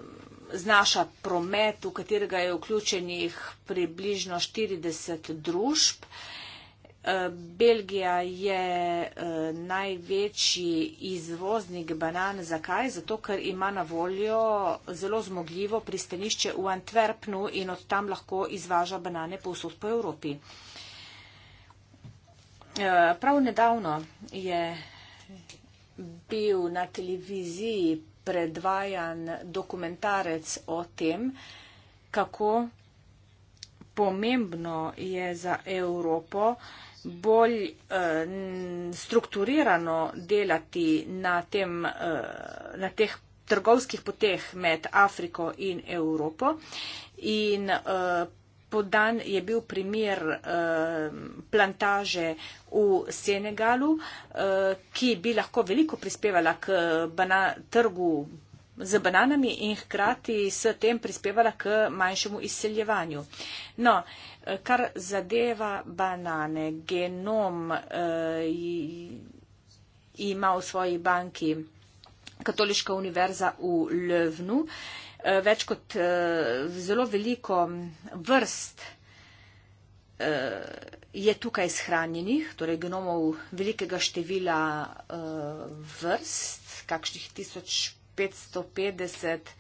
znaša promet, v katerega je vključenih približno 40 družb. Eh, Belgija je eh, največji izvoznik banan. Zakaj? Zato, ker ima na voljo zelo zmogljivo pristanišče v Antwerpnu in od tam lahko izvaža banane povsod po Evropi. Prav nedavno je bil na televiziji predvajan dokumentarec o tem, kako pomembno je za Evropo bolj eh, strukturirano delati na, tem, eh, na teh trgovskih poteh med Afriko in Evropo in eh, podan je bil primer eh, plantaže v Senegalu, eh, ki bi lahko veliko prispevala k trgu z bananami in hkrati s tem prispevala k manjšemu izseljevanju. No, eh, kar zadeva banane, genom ima v svoji banki Katoliška univerza v Lövnu. Eh, več kot eh, zelo veliko vrst eh, je tukaj shranjenih, torej genomov velikega števila vrst, kakšnih 1550.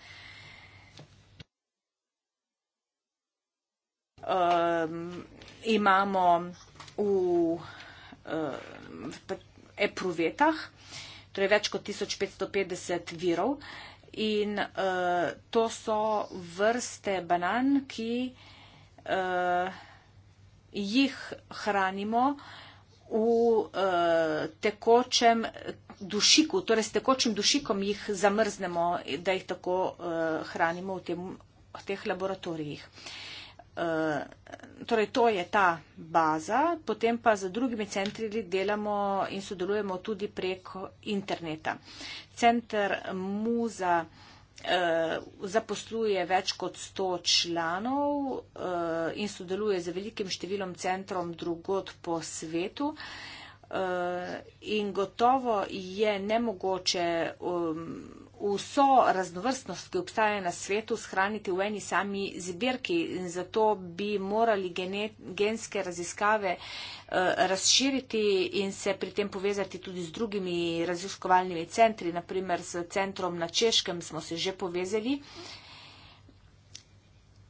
Um, imamo v uh, e-provetah, torej več kot 1550 virov, in uh, to so vrste banan, ki uh, jih hranimo v uh, tekočem dušiku, torej s tekočim dušikom jih zamrznemo, da jih tako uh, hranimo v, tem, v teh laboratorijih. Uh, Eh, torej to je ta baza, potem pa z drugimi centri delamo in sodelujemo tudi preko interneta. Center Muza eh, zaposluje več kot 100 članov eh, in sodeluje z velikim številom centrom drugot po svetu. In gotovo je nemogoče um, vso raznovrstnost, ki obstaja na svetu, shraniti v eni sami zbirki in zato bi morali genet, genske raziskave uh, razširiti in se pri tem povezati tudi z drugimi raziskovalnimi centri, naprimer s centrom na Češkem smo se že povezali. Uh,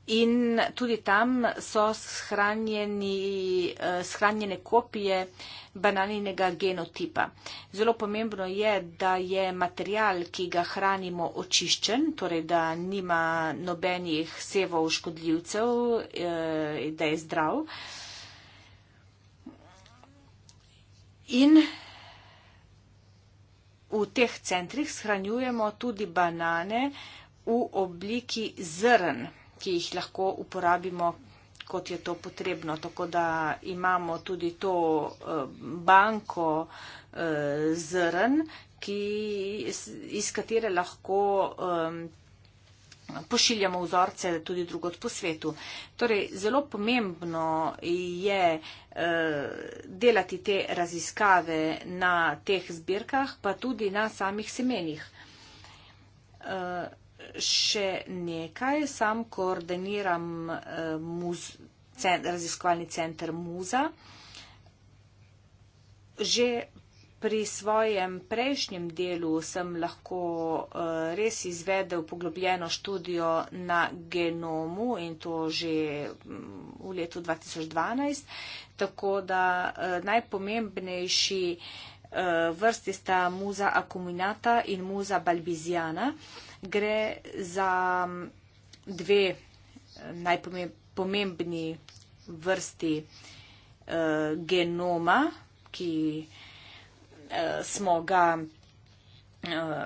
In tudi tam so eh, shranjene kopije bananinega genotipa. Zelo pomembno je, da je material, ki ga hranimo, očiščen, torej da nima nobenih sevov škodljivcev, eh, da je zdrav. In v teh centrih shranjujemo tudi banane v obliki zrn ki jih lahko uporabimo, kot je to potrebno. Tako da imamo tudi to eh, banko eh, zrn, ki, iz katere lahko eh, pošiljamo vzorce tudi drugot po svetu. Torej, zelo pomembno je delati te raziskave na teh zbirkah, pa tudi na samih semenih še nekaj. Sam koordiniram uh, muz, cent, raziskovalni center Muza. Že pri svojem prejšnjem delu sem lahko uh, res izvedel poglobljeno študijo na genomu in to že mm, v letu 2012. Tako da uh, najpomembnejši uh, vrsti sta muza akuminata in muza balbizijana. Uh, gre za dve eh, najpomembni vrsti uh, genoma, ki uh, smo ga uh,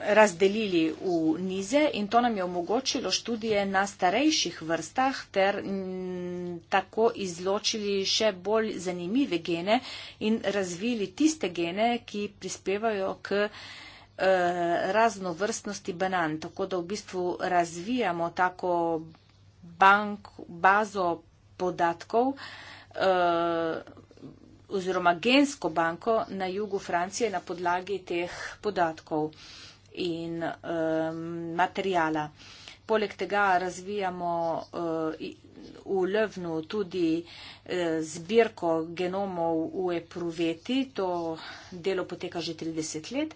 razdelili v nize in to nam je omogočilo študije na starejših vrstah ter tako izločili še bolj zanimive gene in razvili tiste gene, ki prispevajo k uh, Eh, raznovrstnosti banan, tako da v bistvu razvijamo tako bank, bazo podatkov eh, oziroma gensko banko na jugu Francije na podlagi teh podatkov in eh, materijala. Poleg tega razvijamo v Levnu tudi zbirko genomov v Epruveti, to delo poteka že 30 let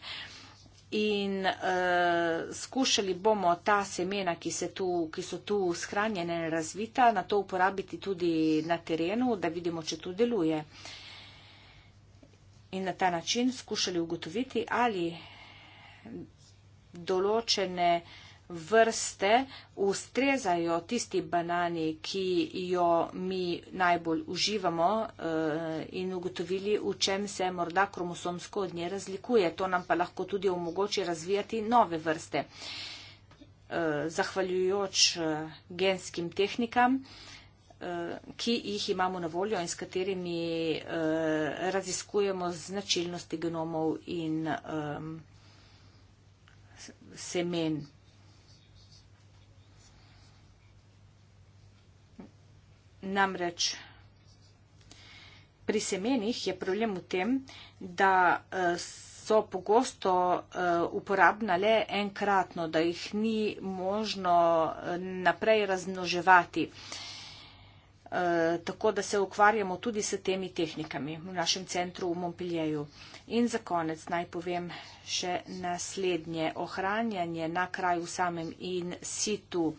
in uh, skušali bomo ta semena, ki, se tu, ki so tu shranjene in razvita, na to uporabiti tudi na terenu, da vidimo, če tu deluje. In na ta način skušali ugotoviti, ali določene uh, vrste ustrezajo tisti banani, ki jo mi najbolj uživamo eh, in ugotovili, v čem se morda kromosomsko od nje razlikuje. To nam pa lahko tudi omogoči razvijati nove vrste. Eh, zahvaljujoč eh, genskim tehnikam, ki jih imamo na voljo in s katerimi raziskujemo značilnosti genomov in semen. Namreč pri semenih je problem v tem, da eh, so pogosto eh, uporabna le enkratno, da jih ni možno eh, naprej razmnoževati. Tako da se ukvarjamo tudi s temi tehnikami v našem centru v Montpellieru. In za konec naj povem še naslednje. Ohranjanje na kraju samem in situ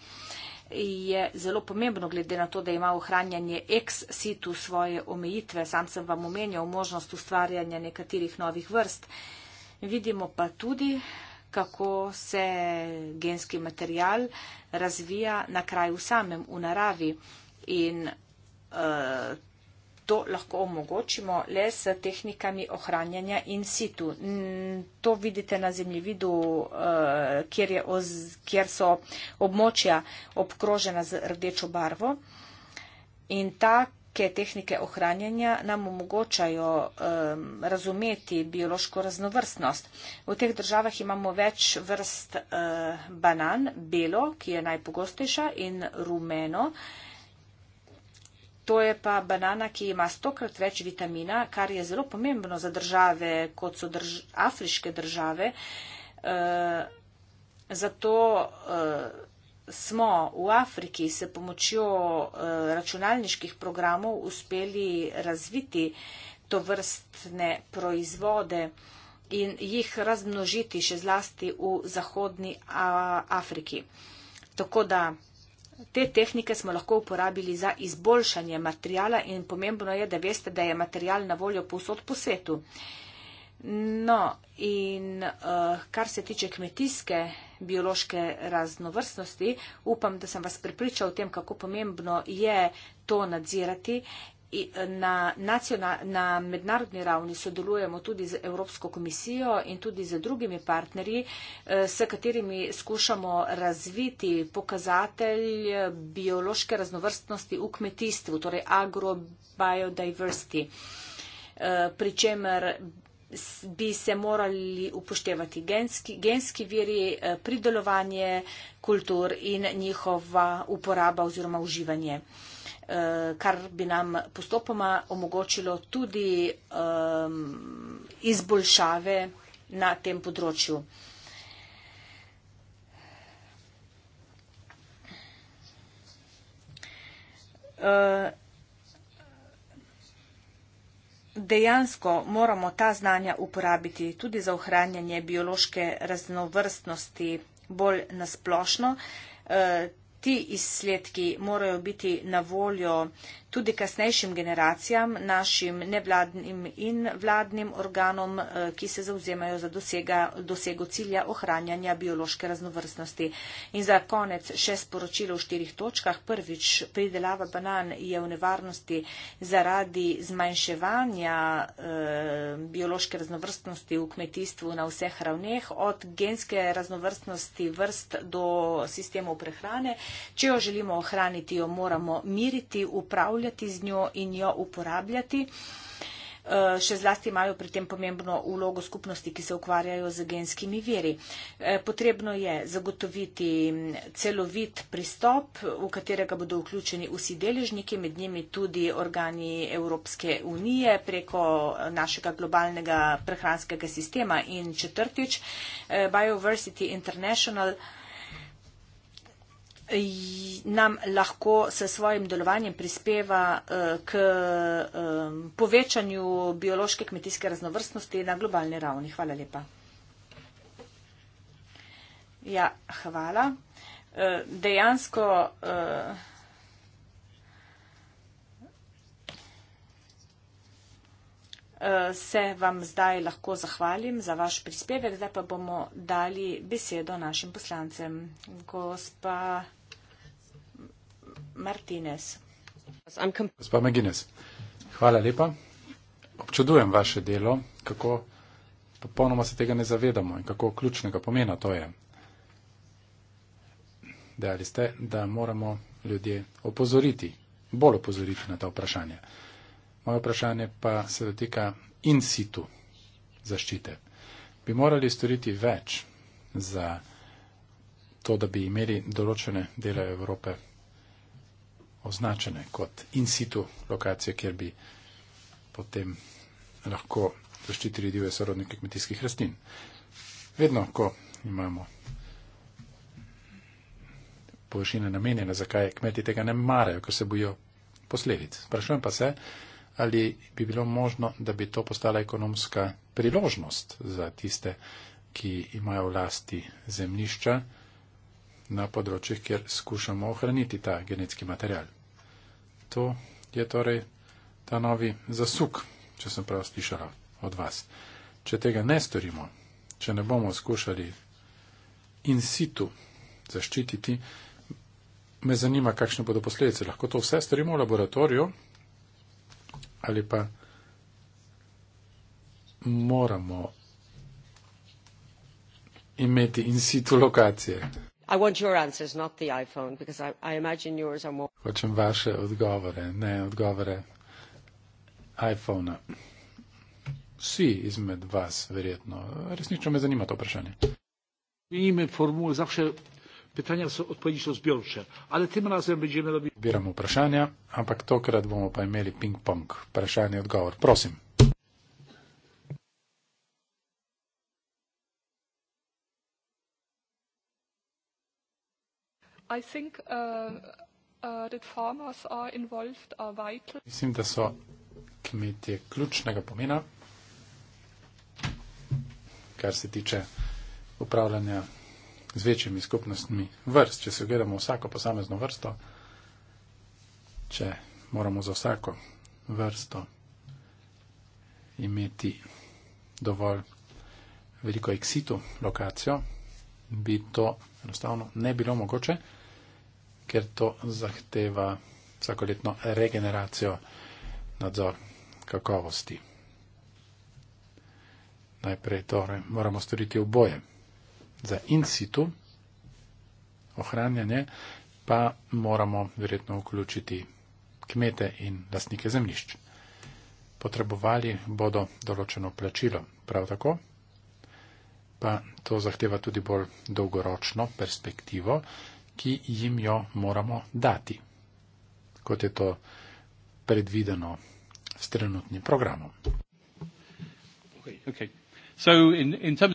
je zelo pomembno, glede na to, da ima ohranjanje ex situ svoje omejitve. Sam sem vam omenjal možnost ustvarjanja nekaterih novih vrst. Vidimo pa tudi, kako se genski material razvija na kraju samem, v naravi. In, uh, to lahko omogočimo le s tehnikami ohranjanja in situ. Mm, to vidite na zemljevidu, eh, kjer, je, kjer so območja obkrožena z rdečo barvo. In take tehnike ohranjanja nam omogočajo eh, razumeti biološko raznovrstnost. V teh državah imamo več vrst eh, banan, belo, ki je najpogostejša, in rumeno, ki To je pa banana, ki ima stokrat več vitamina, kar je zelo pomembno za države, kot so drž afriške države. E, zato e, smo v Afriki se pomočjo e, računalniških programov uspeli razviti to vrstne proizvode in jih razmnožiti še zlasti v zahodni Afriki. Tako da Te tehnike smo lahko uporabili za izboljšanje materijala in pomembno je, da veste, da je material na voljo povsod po svetu. No, in uh, kar se tiče kmetijske biološke raznovrstnosti, upam, da sem vas pripričal o tem, kako pomembno je to nadzirati na, nacional, na mednarodni ravni sodelujemo tudi z Evropsko komisijo in tudi z drugimi partnerji, eh, s katerimi skušamo razviti pokazatelj biološke raznovrstnosti v kmetijstvu, torej agrobiodiversity, eh, pri čemer bi se morali upoštevati genski, genski viri, eh, pridelovanje kultur in njihova uporaba oziroma uživanje. Eh, kar bi nam postopoma omogočilo tudi um, izboljšave na tem področju. Eh, dejansko moramo ta znanja uporabiti tudi za ohranjanje biološke raznovrstnosti bolj nasplošno. Eh, ti izsledki morajo biti na voljo uh, tudi kasnejšim generacijam, našim nevladnim in vladnim organom, eh, ki se zauzemajo za dosega, dosego cilja ohranjanja biološke raznovrstnosti. In za konec še sporočilo v štirih točkah. Prvič, pridelava banan je v nevarnosti zaradi zmanjševanja eh, biološke raznovrstnosti v kmetijstvu na vseh ravneh, od genske raznovrstnosti vrst do sistemov prehrane. Če jo želimo ohraniti, jo moramo miriti, upravljati upravljati z njo in jo uporabljati. Eh, še zlasti imajo pri tem pomembno ulogo skupnosti, ki se ukvarjajo z genskimi veri. Eh, potrebno je zagotoviti mm, celovit pristop, v katerega bodo vključeni vsi deležniki, med njimi tudi organi Evropske unije preko eh, našega globalnega prehranskega sistema in četrtič Bioversity International nam lahko s svojim delovanjem prispeva eh, k eh, povečanju biološke kmetijske raznovrstnosti na globalni ravni. Hvala lepa. Ja, hvala. Eh, dejansko se vam zdaj lahko zahvalim za vaš prispevek, zdaj pa bomo dali besedo našim poslancem. Gospa Martinez. Gospa McGuinness, hvala lepa. Občudujem vaše delo, kako popolnoma se tega ne zavedamo in kako ključnega pomena to je. Dejali ste, da moramo ljudje opozoriti, bolj opozoriti na ta vprašanja. Moje vprašanje pa se dotika in situ zaščite. Bi morali storiti več za to, da bi imeli določene dele Evrope označene kot in situ lokacije, kjer bi potem lahko zaščitili divje sorodnike kmetijskih rastlin. Vedno, ko imamo površine namenjene, zakaj kmeti tega ne marajo, ker se bojo posledic. Sprašujem pa se, ali bi bilo možno, da bi to postala ekonomska priložnost za tiste, ki imajo vlasti zemlišča na področjih, kjer skušamo ohraniti ta genetski material. To je torej ta novi zasuk, če sem prav slišala od vas. Če tega ne storimo, če ne bomo skušali in situ zaščititi, me zanima, kakšne bodo posledice. Lahko to vse storimo v laboratoriju ali pa moramo imeti in situ lokacije. I want your answers, not the iPhone, because I, I imagine yours are more. Hočem vaše odgovore, ne odgovore iPhona. Vsi izmed vas, verjetno. Resnično me zanima to vprašanje. Mijime formule, zavše pitanja so odpovedi so zbiorče, ali tem razem bi želeli. Biramo vprašanja, ampak tokrat bomo pa imeli ping-pong. Vprašanje, odgovor. Prosim. I think uh, uh, that farmers are involved are vital. Mislim, da so kmetje ključnega pomena, kar se tiče upravljanja z večjimi skupnostmi vrst. Če se ogledamo vsako posamezno vrsto, če moramo za vsako vrsto imeti dovolj veliko exitu lokacijo, bi to enostavno ne bilo mogoče ker to zahteva vsakoletno regeneracijo nadzor kakovosti. Najprej torej moramo storiti oboje. Za in situ ohranjanje pa moramo verjetno vključiti kmete in lastnike zemljišč. Potrebovali bodo določeno plačilo. Prav tako pa to zahteva tudi bolj dolgoročno perspektivo, ki jim jo moramo dati, kot je to predvideno s trenutnim programom. Okay, okay. In, in term...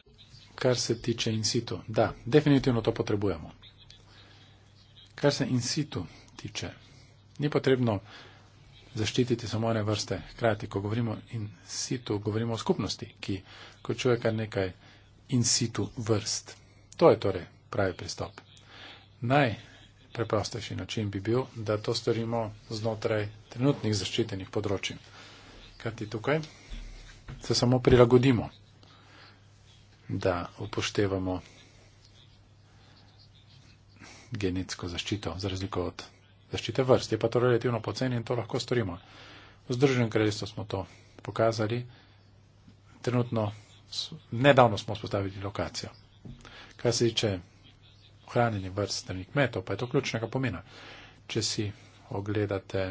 Kar se tiče in situ, da, definitivno to potrebujemo. Kar se in situ tiče, ni potrebno zaščititi samo one vrste. Hkrati, ko govorimo in situ, govorimo o skupnosti, ki kočuje kar nekaj in situ vrst. To je torej pravi pristop. Najpreprostejši način bi bil, da to storimo znotraj trenutnih zaščitenih področji. Kaj ti tukaj? Se samo prilagodimo, da upoštevamo genetsko zaščito, za razliko od zaščite vrst. Je pa to relativno poceni in to lahko storimo. V Združenem kraljestvu smo to pokazali. Trenutno, nedavno smo spostavili lokacijo. Kar se tiče ohranjanje vrstnih kmetov, pa je to ključnega pomena. Če si ogledate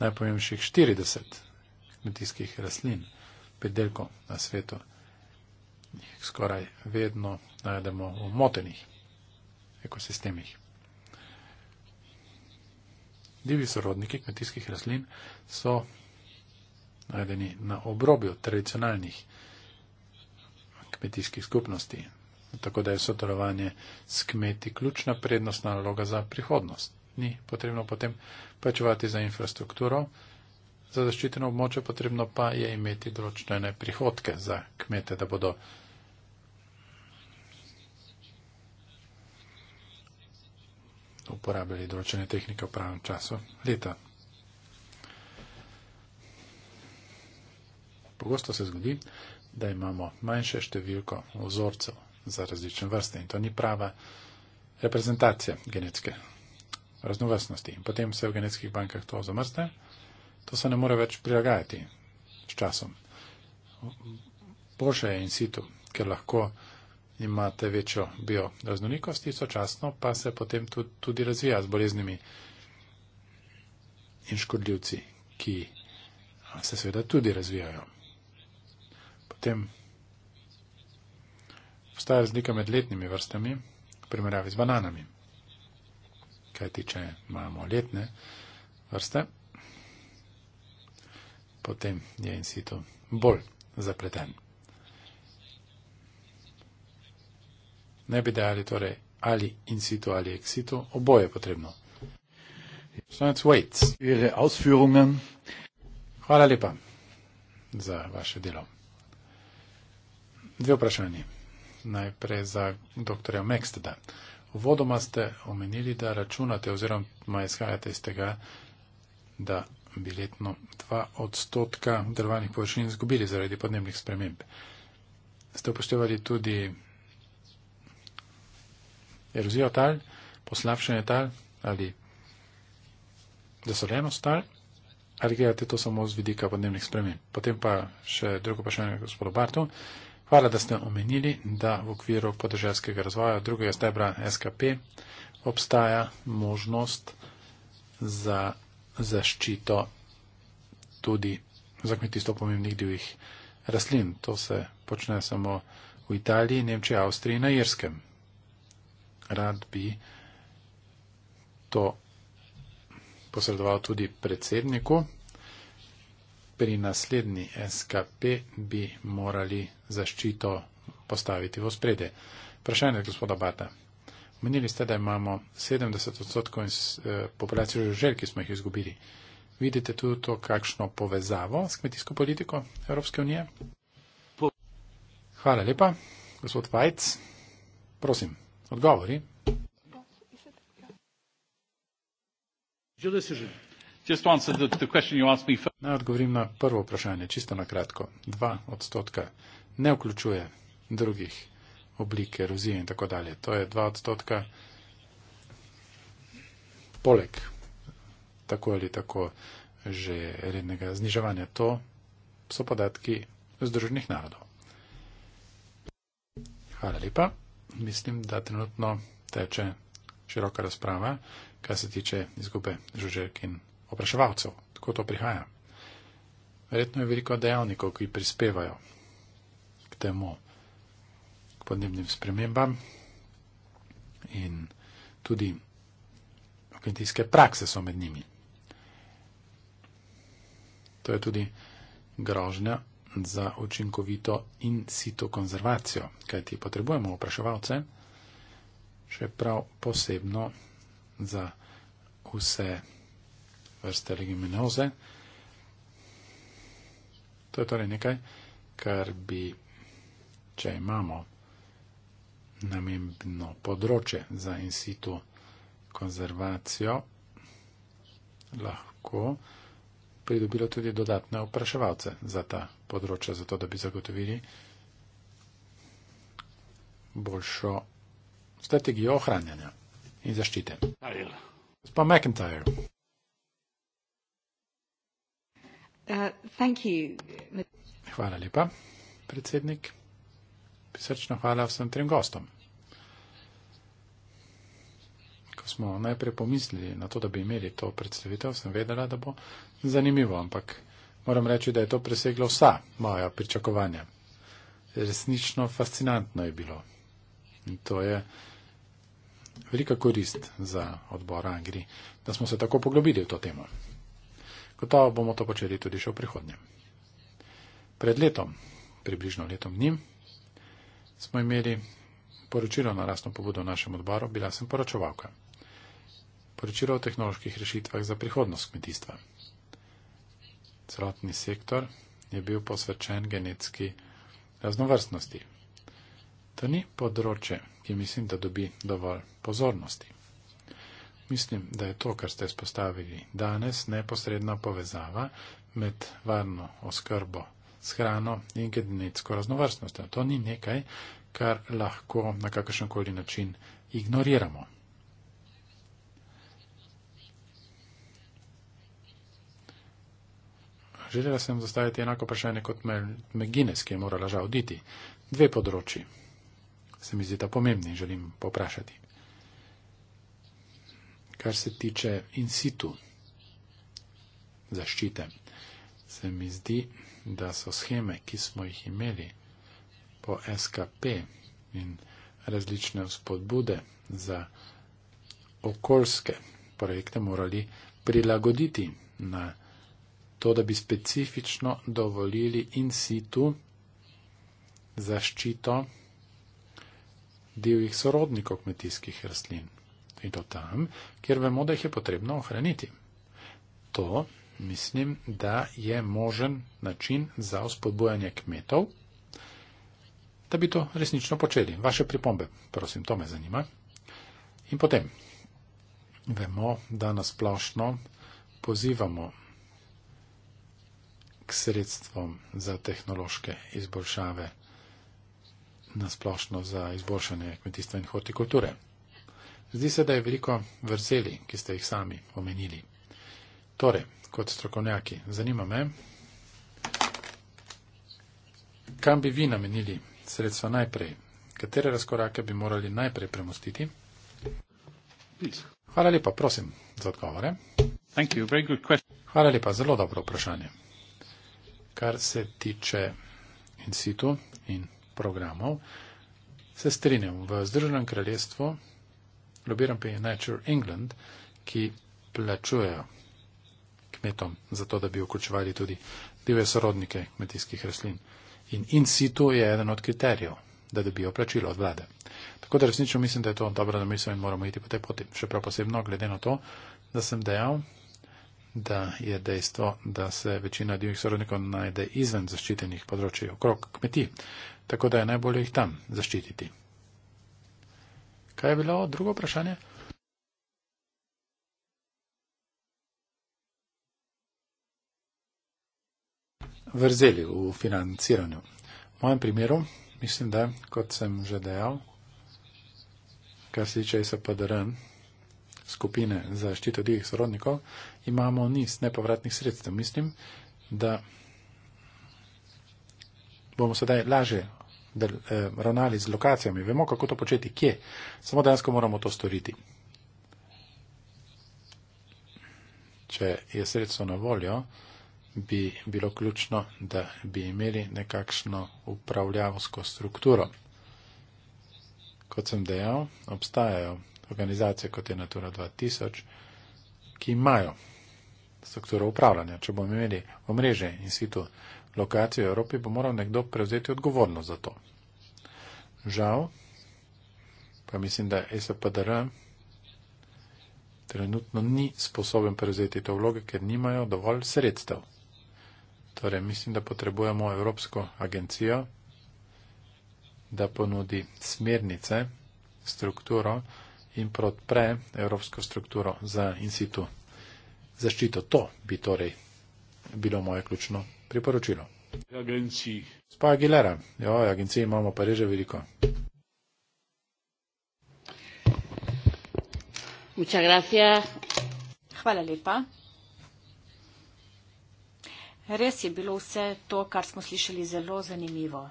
najpomembnejših 40 kmetijskih rastlin, pridelkov na svetu, jih skoraj vedno najdemo v motenih ekosistemih. Divi sorodniki kmetijskih rastlin so najdeni na obrobju tradicionalnih kmetijskih skupnosti, Tako da je sodelovanje s kmeti ključna prednostna naloga za prihodnost. Ni potrebno potem plačevati za infrastrukturo, za zaščiteno območje potrebno pa je imeti določene prihodke za kmete, da bodo uporabljali določene tehnike v pravem času leta. Pogosto se zgodi, da imamo manjše številko vzorcev za različne vrste in to ni prava reprezentacija genetske raznovrstnosti. In potem se v genetskih bankah to zamrzne, to se ne more več prilagajati s časom. Boljše je in situ, ker lahko imate večjo bioraznolikost, istočasno pa se potem tudi, tudi razvija z boleznimi in škodljivci, ki se seveda tudi razvijajo. Potem obstaja razlika med letnimi vrstami v primerjavi z bananami. Kaj tiče imamo letne vrste, potem je in situ bolj zapleten. Ne bi dejali torej ali in situ ali ex situ, oboje je potrebno. Poslanec Waits. Ihre Ausführungen. Hvala lepa za vaše delo. Dve vprašanje najprej za dr. Meksteda. Vodoma ste omenili, da računate oziroma izhajate iz tega, da bi letno 2 odstotka drvanih površin izgubili zaradi podnebnih sprememb. Ste upoštevali tudi erozijo tal, poslabšanje tal ali zasoljenost tal, ali gledate to samo z vidika podnebnih sprememb. Potem pa še drugo vprašanje gospodu Bartu. Hvala, da ste omenili, da v okviru podeželskega razvoja drugega stebra SKP obstaja možnost za zaščito tudi za kmetijstvo pomembnih divjih rastlin. To se počne samo v Italiji, Nemčiji, Avstriji in na Irskem. Rad bi to posredoval tudi predsedniku pri naslednji SKP bi morali zaščito postaviti v spredje. Vprašanje gospoda Bata. Menili ste, da imamo 70 odstotkov iz eh, populacije žužel, ki smo jih izgubili. Vidite tudi to kakšno povezavo s kmetijsko politiko Evropske unije? Hvala lepa. Gospod Vajc, prosim, odgovori. Želim se želim. Naj odgovorim na prvo vprašanje, čisto na kratko. Dva odstotka ne vključuje drugih oblik erozije in tako dalje. To je dva odstotka poleg tako ali tako že rednega zniževanja. To so podatki Združenih narodov. Hvala lepa. Mislim, da trenutno teče široka razprava, kar se tiče izgube žuželk in opraševalcev, tako to prihaja. Verjetno je veliko dejavnikov, ki prispevajo k temu, k podnebnim spremembam in tudi okentijske prakse so med njimi. To je tudi grožnja za učinkovito in sito konzervacijo, kajti potrebujemo opraševalce, še prav posebno za vse vrste legiminoze. To je torej nekaj, kar bi, če imamo namembno področje za in situ konzervacijo, lahko pridobilo tudi dodatne opraševalce za ta področja, zato da bi zagotovili boljšo strategijo ohranjanja in zaštite. Gospod McIntyre. Uh, hvala lepa, predsednik. Srčno hvala vsem trem gostom. Ko smo najprej pomislili na to, da bi imeli to predstavitev, sem vedela, da bo zanimivo, ampak moram reči, da je to preseglo vsa moja pričakovanja. Resnično fascinantno je bilo. In to je velika korist za odbor Angri, da smo se tako poglobili v to temo. Gotovo bomo to počeli tudi še v prihodnje. Pred letom, približno letom dni, smo imeli poročilo na rastno pobudo v našem odboru, bila sem poročevalka. Poročilo o tehnoloških rešitvah za prihodnost kmetijstva. Celotni sektor je bil posvečen genetski raznovrstnosti. To ni področje, ki mislim, da dobi dovolj pozornosti. Mislim, da je to, kar ste spostavili danes, neposredna povezava med varno oskrbo s hrano in genetsko raznovrstnostjo. To ni nekaj, kar lahko na kakršenkoli način ignoriramo. Želela sem zastaviti enako vprašanje kot Megines, ki je morala žal oditi. Dve področji se mi zdi ta pomembni in želim poprašati kar se tiče in situ zaščite. Se mi zdi, da so scheme, ki smo jih imeli po SKP in različne vzpodbude za okoljske projekte, morali prilagoditi na to, da bi specifično dovolili in situ zaščito divjih sorodnikov kmetijskih rastlin in to tam, kjer vemo, da jih je potrebno ohraniti. To mislim, da je možen način za vzpodbojanje kmetov, da bi to resnično počeli. Vaše pripombe, prosim, to me zanima. In potem, vemo, da nasplošno pozivamo k sredstvom za tehnološke izboljšave, nasplošno za izboljšanje kmetijstva in hortikulture. Zdi se, da je veliko vrzeli, ki ste jih sami omenili. Torej, kot strokovnjaki, zanima me, kam bi vi namenili sredstva najprej, katere razkorake bi morali najprej premustiti. Hvala lepa, prosim, za odgovore. Hvala lepa, zelo dobro vprašanje. Kar se tiče in situ in programov, se strinjam, v Združenem kraljestvu lobiram pri Nature England, ki plačujejo kmetom za to, da bi vključevali tudi divje sorodnike kmetijskih rastlin. In in situ je eden od kriterijev, da dobijo plačilo od vlade. Tako da resnično mislim, da je to dobro, da mislim in moramo iti po tej poti. Še prav posebno, glede na to, da sem dejal, da je dejstvo, da se večina divjih sorodnikov najde izven zaščitenih področij okrog kmetij. Tako da je najbolje jih tam zaščititi. Kaj je bilo drugo vprašanje? Vrzeli v financiranju. V mojem primeru, mislim, da, kot sem že dejal, kar se tiče SPDR skupine za ščito divjih sorodnikov, imamo niz nepovratnih sredstev. Mislim, da bomo sedaj laže del, eh, ravnali z lokacijami, vemo, kako to početi, kje. Samo dejansko moramo to storiti. Če je sredstvo na voljo, bi bilo ključno, da bi imeli nekakšno upravljavsko strukturo. Kot sem dejal, obstajajo organizacije, kot je Natura 2000, ki imajo strukturo upravljanja. Če bomo imeli omrežje in svitu lokacije v Evropi, bo moral nekdo prevzeti odgovornost za to. Žal, pa mislim, da SPDR trenutno ni sposoben prevzeti to vlogo, ker nimajo dovolj sredstev. Torej, mislim, da potrebujemo Evropsko agencijo, da ponudi smernice, strukturo in protpre Evropsko strukturo za in situ zaščito. To bi torej bilo moje ključno priporočilo. Agenci. Spa Aguilera. Jo, agencij imamo pa reže veliko. Hvala lepa. Res je bilo vse to, kar smo slišali, zelo zanimivo.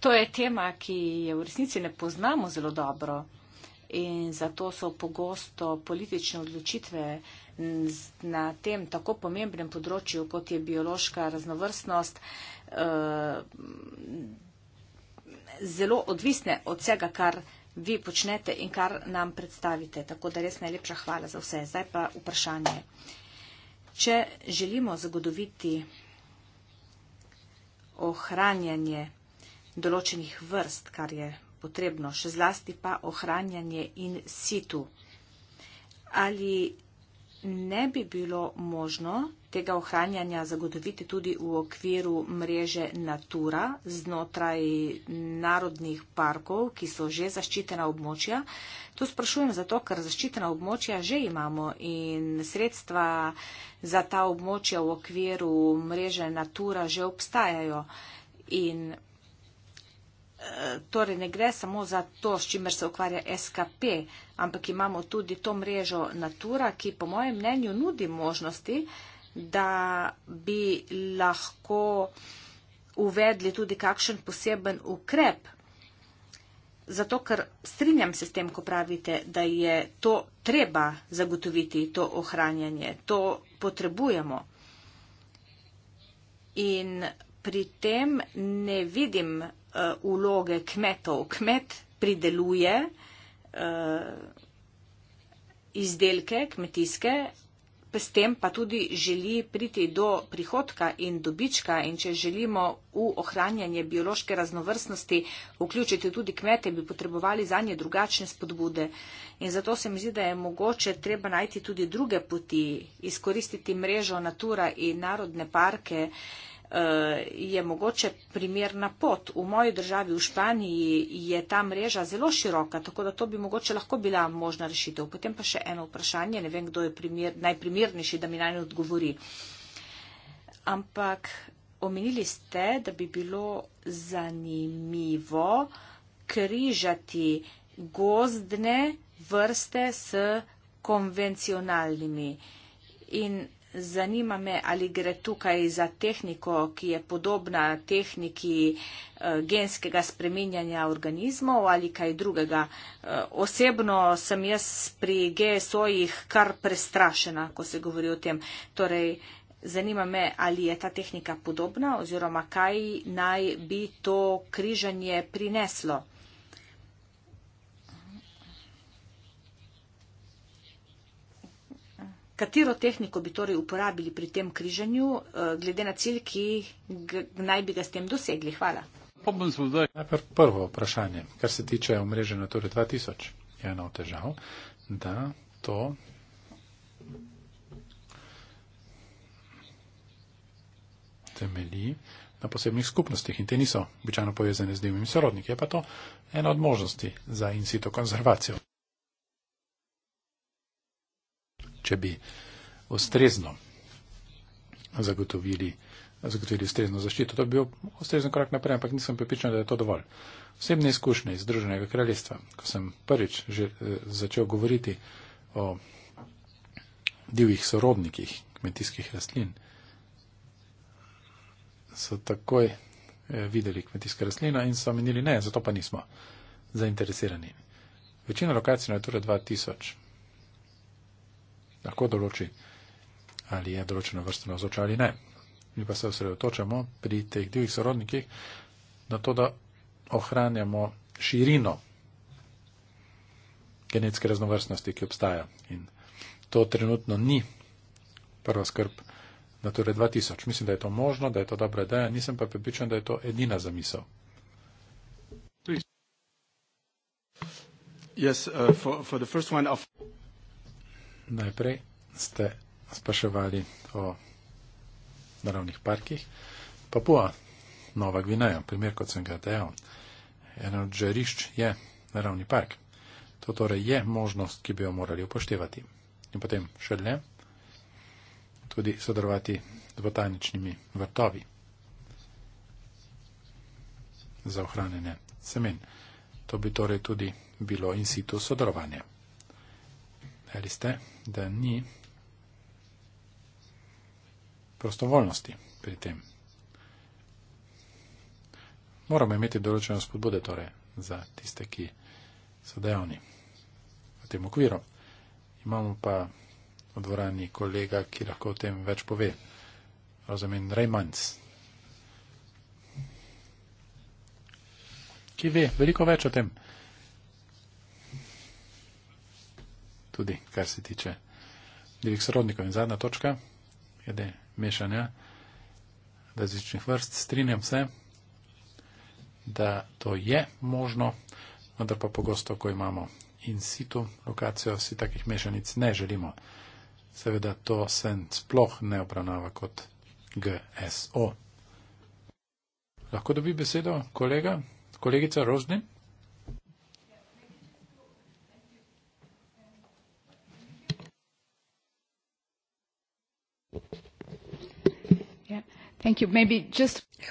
To je tema, ki je v resnici ne poznamo zelo dobro in zato so pogosto politične odločitve na tem tako pomembnem področju, kot je biološka raznovrstnost, eh, zelo odvisne od vsega, kar vi počnete in kar nam predstavite. Tako da res najlepša hvala za vse. Zdaj pa vprašanje. Če želimo zagodoviti ohranjanje določenih vrst, kar je potrebno, še zlasti pa ohranjanje in situ, ali ne bi bilo možno tega ohranjanja zagotoviti tudi v okviru mreže Natura znotraj narodnih parkov, ki so že zaščitena območja. To sprašujem zato, ker zaščitena območja že imamo in sredstva za ta območja v okviru mreže Natura že obstajajo. In torej ne gre samo za to, s čimer se ukvarja SKP, ampak imamo tudi to mrežo Natura, ki po mojem mnenju nudi možnosti, da bi lahko uvedli tudi kakšen poseben ukrep. Zato, ker strinjam se s tem, ko pravite, da je to treba zagotoviti, to ohranjanje, to potrebujemo. In pri tem ne vidim Eh, vloge kmetov. Kmet prideluje eh, izdelke kmetijske, s tem pa tudi želi priti do prihodka in dobička in če želimo v ohranjanje biološke raznovrstnosti vključiti tudi kmete, bi potrebovali za nje drugačne spodbude. In zato se mi zdi, da je mogoče treba najti tudi druge poti, izkoristiti mrežo natura in narodne parke, uh, Eh, je mogoče primerna pot. V moji državi, v Španiji, je ta mreža zelo široka, tako da to bi mogoče lahko bila možna rešitev. Potem pa še eno vprašanje, ne vem, kdo je primer, najprimernejši, da mi naj odgovori. Ampak omenili ste, da bi bilo zanimivo križati gozdne vrste s konvencionalnimi. In Zanima me, ali gre tukaj za tehniko, ki je podobna tehniki eh, genskega spreminjanja organizmov ali kaj drugega. Eh, osebno sem jaz pri GSO-jih kar prestrašena, ko se govori o tem. Torej, zanima me, ali je ta tehnika podobna oziroma kaj naj bi to križanje prineslo. Katero tehniko bi torej uporabili pri tem križanju, eh, glede na cilj, ki naj bi ga s tem dosegli? Hvala. Najprej prvo vprašanje, kar se tiče omrežja Natura 2000. Je ena od težav, da to temelji na posebnih skupnostih in te niso običajno povezane z divjimi sorodniki. Je pa to ena od možnosti za in situ konzervacijo. če bi ustrezno zagotovili, zagotovili ustrezno zaščito. To bi bil ustrezen korak naprej, ampak nisem pripričan, da je to dovolj. Vsebne izkušnje iz Združenega kraljestva, ko sem prvič že eh, začel govoriti o divjih sorodnikih kmetijskih rastlin, so takoj eh, videli kmetijska rastlina in so menili ne, zato pa nismo zainteresirani. Večina lokacij na Natura 2000 lahko določi, ali je določena vrsta navzoča ali ne. Mi pa se osredotočamo pri teh divjih sorodnikih na to, da ohranjamo širino genetske raznovrstnosti, ki obstaja. In to trenutno ni prva skrb Nature 2000. Mislim, da je to možno, da je to dobra ideja, nisem pa pripričan, da je to edina zamisel. Yes, uh, for, for the first one of najprej ste spraševali o naravnih parkih. Papua, Nova Gvineja, primer, kot sem ga dejal, eno od žarišč je naravni park. To torej je možnost, ki bi jo morali upoštevati. In potem še le tudi sodelovati z botaničnimi vrtovi za ohranjanje semen. To bi torej tudi bilo in situ sodelovanja. Rekli ste, da ni prostovoljnosti pri tem. Moramo imeti določeno spodbude torej, za tiste, ki so dejavni v tem okviru. Imamo pa odvorani kolega, ki lahko o tem več pove. Razumem, Rejmanc. Ki ve veliko več o tem. tudi kar se tiče divjih sorodnikov. In zadnja točka, glede mešanja različnih vrst, strinjam se, da to je možno, vendar pa pogosto, ko imamo in situ lokacijo, si takih mešanic ne želimo. Seveda to se sploh ne obravnava kot GSO. Lahko dobi besedo kolega, kolegica Rožnin?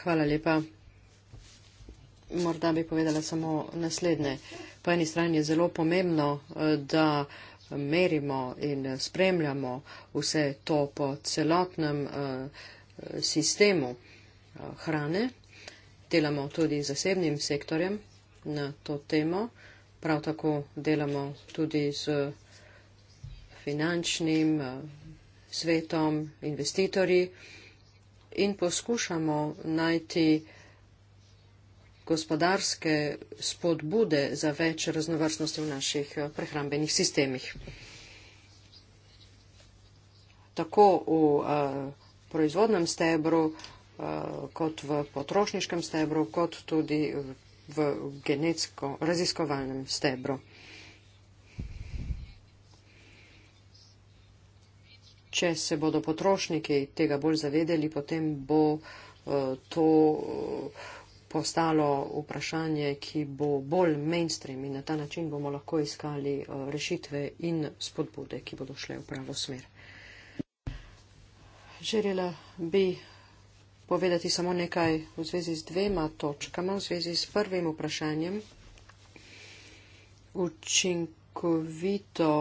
Hvala lepa. Morda bi povedala samo naslednje. Po eni strani je zelo pomembno, eh, da merimo in spremljamo vse to po celotnem eh, sistemu eh, hrane. Delamo tudi zasebnim sektorjem na to temo. Prav tako delamo tudi z finančnim svetom, investitorji in poskušamo najti gospodarske spodbude za več raznovrstnosti v naših eh, prehrambenih sistemih. Tako v eh, proizvodnem stebru, eh, kot v potrošniškem stebru, kot tudi v genetsko raziskovalnem stebru. če se bodo potrošniki tega bolj zavedeli, potem bo eh, to eh, postalo vprašanje, ki bo bolj mainstream in na ta način bomo lahko iskali eh, rešitve in spodbude, ki bodo šle v pravo smer. Želela bi povedati samo nekaj v zvezi z dvema točkama, v zvezi s prvim vprašanjem. Učinkovito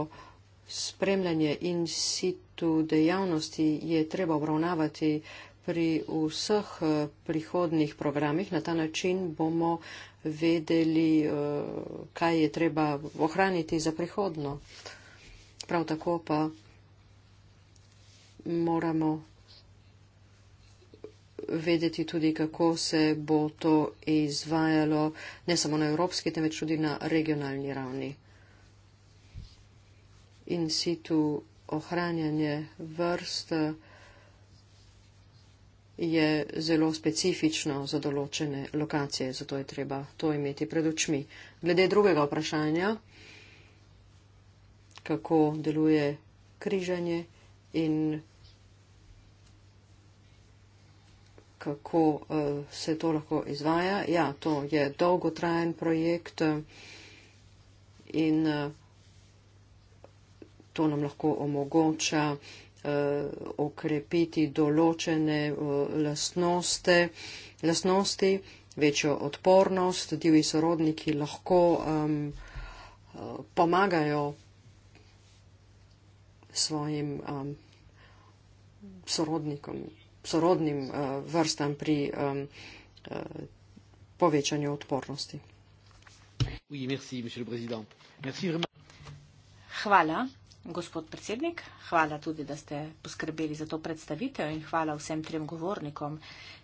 spremljanje in situ dejavnosti je treba obravnavati pri vseh eh, prihodnih programih. Na ta način bomo vedeli, eh, kaj je treba ohraniti za prihodno. Prav tako pa moramo vedeti tudi, kako se bo to izvajalo ne samo na evropski, temveč tudi na regionalni ravni in situ ohranjanje vrst je zelo specifično za določene lokacije, zato je treba to imeti pred očmi. Glede drugega vprašanja, kako deluje križanje in kako uh, se to lahko izvaja. Ja, to je dolgotrajen projekt eh, in uh, to nam lahko omogoča eh, okrepiti določene eh, lastnosti, lastnosti večjo odpornost. Divji sorodniki lahko um, pomagajo svojim um, sorodnikom, sorodnim uh, vrstam pri um, uh, povečanju odpornosti. Hvala. Gospod predsednik, hvala tudi, da ste poskrbeli za to predstavitev in hvala vsem trem govornikom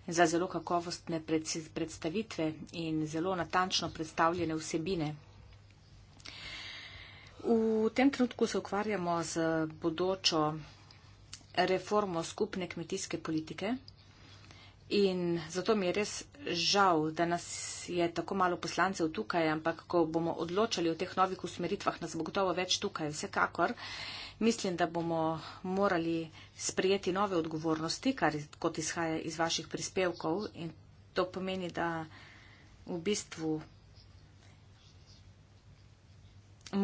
za zelo kakovostne predstavitve in zelo natančno predstavljene vsebine. V tem trenutku se ukvarjamo z bodočo reformo skupne kmetijske politike. In zato mi je res žal, da nas je tako malo poslancev tukaj, ampak ko bomo odločali o teh novih usmeritvah, nas bo gotovo več tukaj. Vsekakor mislim, da bomo morali sprejeti nove odgovornosti, kar kot izhaja iz vaših prispevkov. In to pomeni, da v bistvu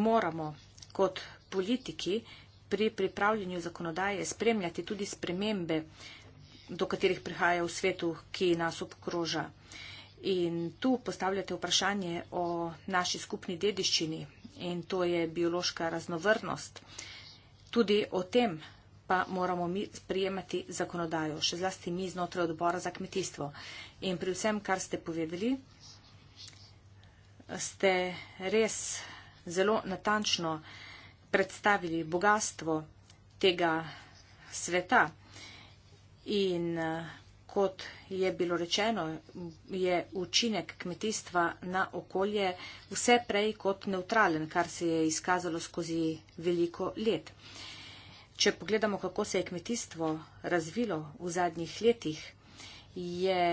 moramo kot politiki pri pripravljanju zakonodaje spremljati tudi spremembe, uh, do katerih prihaja v svetu, ki nas obkroža. In tu postavljate vprašanje o naši skupni dediščini in to je biološka raznovrnost. Tudi o tem pa moramo mi sprijemati zakonodajo, še zlasti mi znotraj odbora za kmetijstvo. In pri vsem, kar ste povedali, ste res zelo natančno predstavili bogatstvo tega sveta. In eh, kot je bilo rečeno, je učinek kmetijstva na okolje vse prej kot neutralen, kar se je izkazalo skozi veliko let. Če pogledamo, kako se je kmetijstvo razvilo v zadnjih letih, je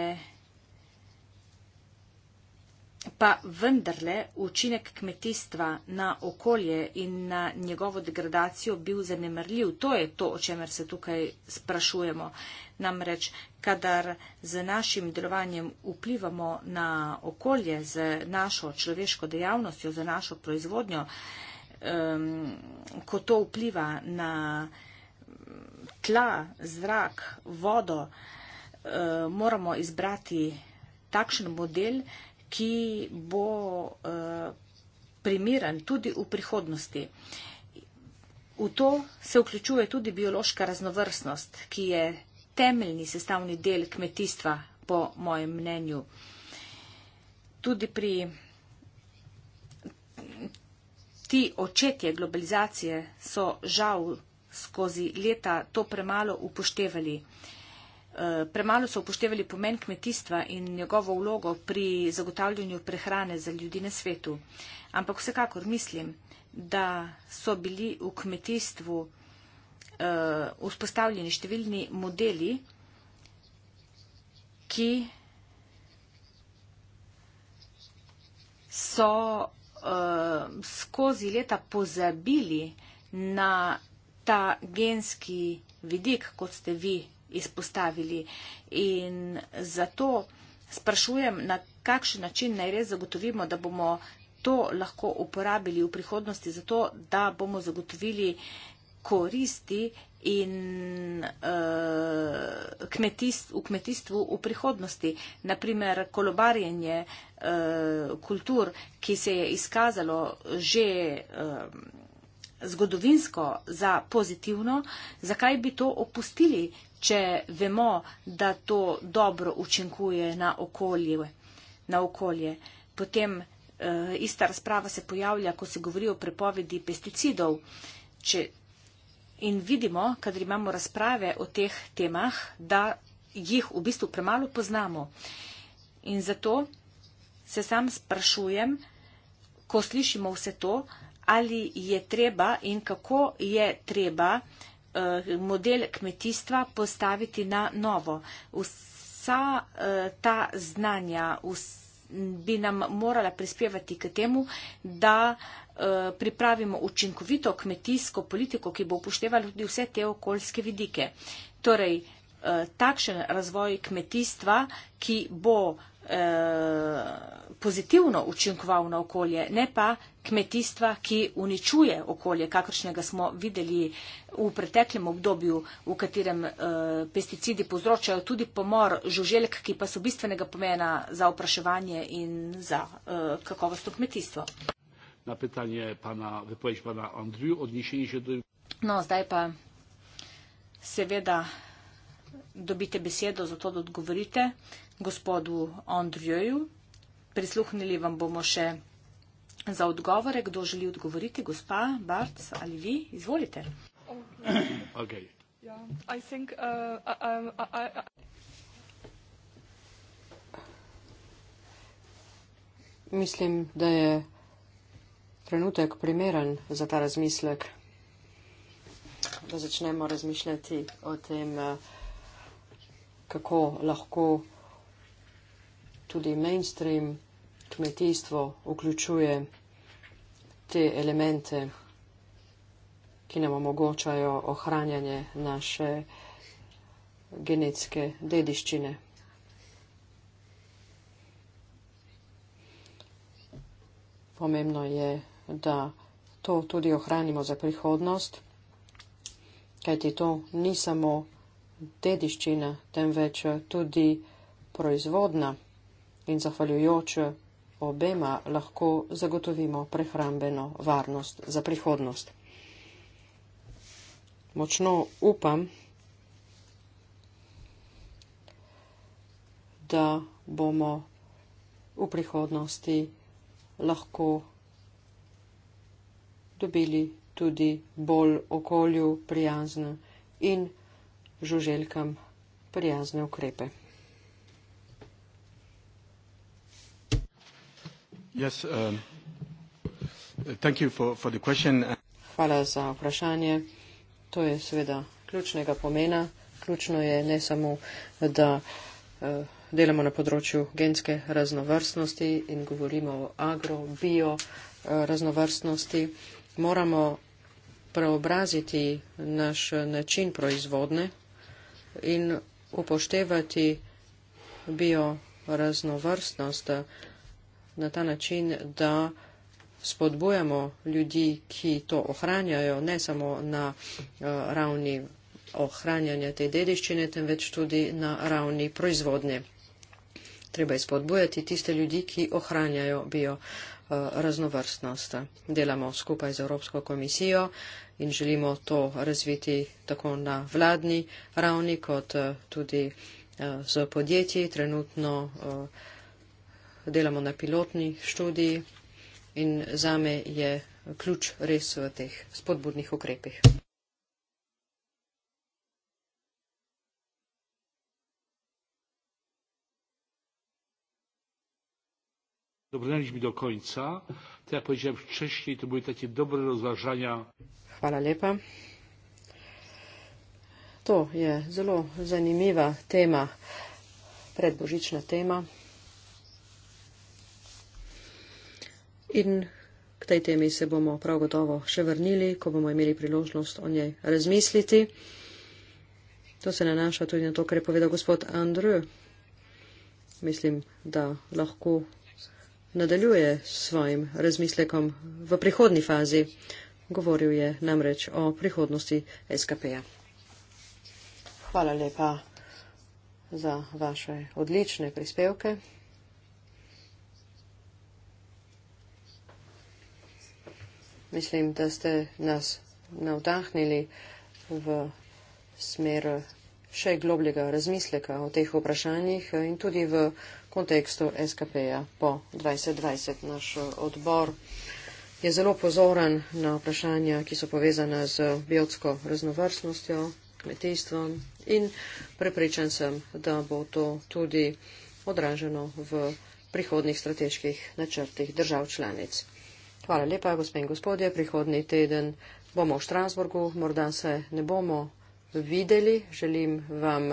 pa vendarle učinek kmetijstva na okolje in na njegovo degradacijo bil zanemrljiv. To je to, o čemer se tukaj sprašujemo. Namreč, kadar z našim delovanjem vplivamo na okolje, z našo človeško dejavnostjo, z našo proizvodnjo, um, ko to vpliva na tla, zrak, vodo, uh, moramo izbrati takšen model, ki bo eh, primeren tudi v prihodnosti. V to se vključuje tudi biološka raznovrstnost, ki je temeljni sestavni del kmetijstva, po mojem mnenju. Tudi pri ti očetje globalizacije so žal skozi leta to premalo upoštevali. Eh, premalo so upoštevali pomen kmetijstva in njegovo vlogo pri zagotavljanju prehrane za ljudi na svetu. Ampak vsekakor mislim, da so bili v kmetijstvu uh, vzpostavljeni številni modeli, ki so uh, skozi leta pozabili na ta genski vidik, kot ste vi izpostavili. In zato sprašujem, na kakšen način naj res zagotovimo, da bomo to lahko uporabili v prihodnosti, zato da bomo zagotovili koristi in uh, eh, kmetist, v kmetijstvu v prihodnosti. Naprimer, kolobarjenje uh, kultur, ki se je izkazalo že. Uh, zgodovinsko za pozitivno, zakaj bi to opustili, če vemo, da to dobro učinkuje na okolje. Na okolje. Potem uh, ista razprava se pojavlja, ko se govori o prepovedi pesticidov. Če, in vidimo, kadar imamo razprave o teh temah, da jih v bistvu premalo poznamo. In zato se sam sprašujem, ko slišimo vse to, uh, ali je treba in kako je treba eh, model kmetijstva postaviti na novo. Vsa eh, ta znanja bi nam morala prispevati k temu, da eh, pripravimo učinkovito kmetijsko politiko, ki bo upoštevala tudi vse te okoljske vidike. Torej, takšen razvoj kmetijstva, ki bo Eh, pozitivno učinkoval na okolje, ne pa kmetijstva, ki uničuje okolje, kakršnega smo videli v preteklem obdobju, v katerem eh, pesticidi povzročajo tudi pomor žuželjk, ki pa so bistvenega pomena za opraševanje in za eh, kakovostno kmetijstvo. Na vprašanje pana, pana Andriju odnišeni že do. No, zdaj pa seveda dobite besedo za to, da odgovorite. Eh, gospodu Andrjeju. Prisluhnili vam bomo še za odgovore. Kdo želi odgovoriti? Gospa Bart ali vi? Izvolite. *coughs* Okay. Yeah, I think, uh, I, I, I, Mislim, da je trenutek primeren za ta razmislek, da začnemo razmišljati o tem, uh, kako lahko tudi mainstream kmetijstvo vključuje te elemente, ki nam omogočajo ohranjanje naše genetske dediščine. Pomembno je, da to tudi ohranimo za prihodnost, kajti to ni samo dediščina, temveč tudi proizvodna in zahvaljujoč obema lahko zagotovimo prehrambeno varnost za prihodnost. Močno upam, da bomo v prihodnosti lahko dobili tudi bolj okolju prijazne in žuželjkam prijazne ukrepe. Yes, um, thank you for, for the question. Hvala za vprašanje. To je seveda ključnega pomena. Ključno je ne samo, da eh, delamo na področju genske raznovrstnosti in govorimo o agro, bio eh, raznovrstnosti. Moramo preobraziti naš način proizvodne in upoštevati bio raznovrstnost na ta način, da spodbujamo ljudi, ki to ohranjajo, ne samo na eh, ravni ohranjanja te dediščine, temveč tudi na ravni proizvodnje. Treba je spodbujati tiste ljudi, ki ohranjajo bio eh, raznovrstnost. Delamo skupaj z Evropsko komisijo in želimo to razviti tako na vladni ravni kot eh, tudi z podjetji. Trenutno uh, delamo na pilotni študiji in zame je ključ res v teh spodbudnih ukrepih. Dobrodeliśmy do końca. To ja powiedziałem wcześniej, to były takie dobre rozważania. Hvala lepa. To je zelo zanimiva tema, predbožična tema. In k tej temi se bomo prav gotovo še vrnili, ko bomo imeli priložnost o njej razmisliti. To se nanaša tudi na to, kar je povedal gospod Andrew. Mislim, da lahko nadaljuje s svojim razmislekom v prihodni fazi. Govoril je namreč o prihodnosti SKP-ja. Hvala lepa za vaše odlične prispevke. Mislim, da ste nas navdahnili v smer še globljega razmisleka o teh vprašanjih in tudi v kontekstu SKP-ja po 2020. Naš eh, odbor je zelo pozoren na vprašanja, ki so povezana z biotsko raznovrstnostjo, kmetijstvom in prepričan sem, da bo to tudi odraženo v prihodnih strateških načrtih držav članic. Hvala lepa, gospe in gospodje. Prihodni teden bomo v Štrasburgu, morda se ne bomo videli. Želim vam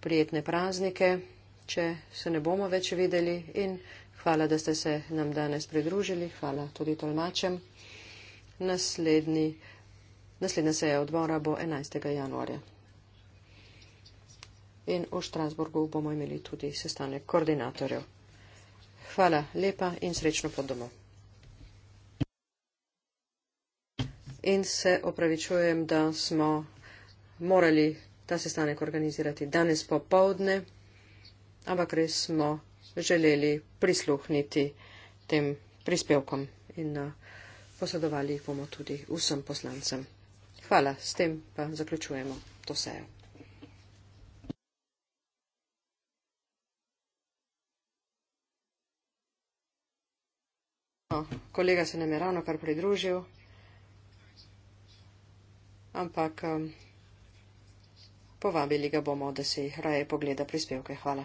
prijetne praznike, če se ne bomo več videli. In hvala, da ste se nam danes pridružili. Hvala tudi tolmačem. Naslednji, naslednja seja odbora bo 11. januarja. In v Štrasburgu bomo imeli tudi sestanek koordinatorjev. Hvala lepa in srečno pod domov. in se opravičujem, da smo morali ta sestanek organizirati danes popovdne, ampak res smo želeli prisluhniti tem prispevkom in eh, posedovali jih bomo tudi vsem poslancem. Hvala, s tem pa zaključujemo to sejo. No, kolega se nam je ravno kar pridružil ampak um, povabili ga bomo, da si raje pogleda prispevke. Hvala.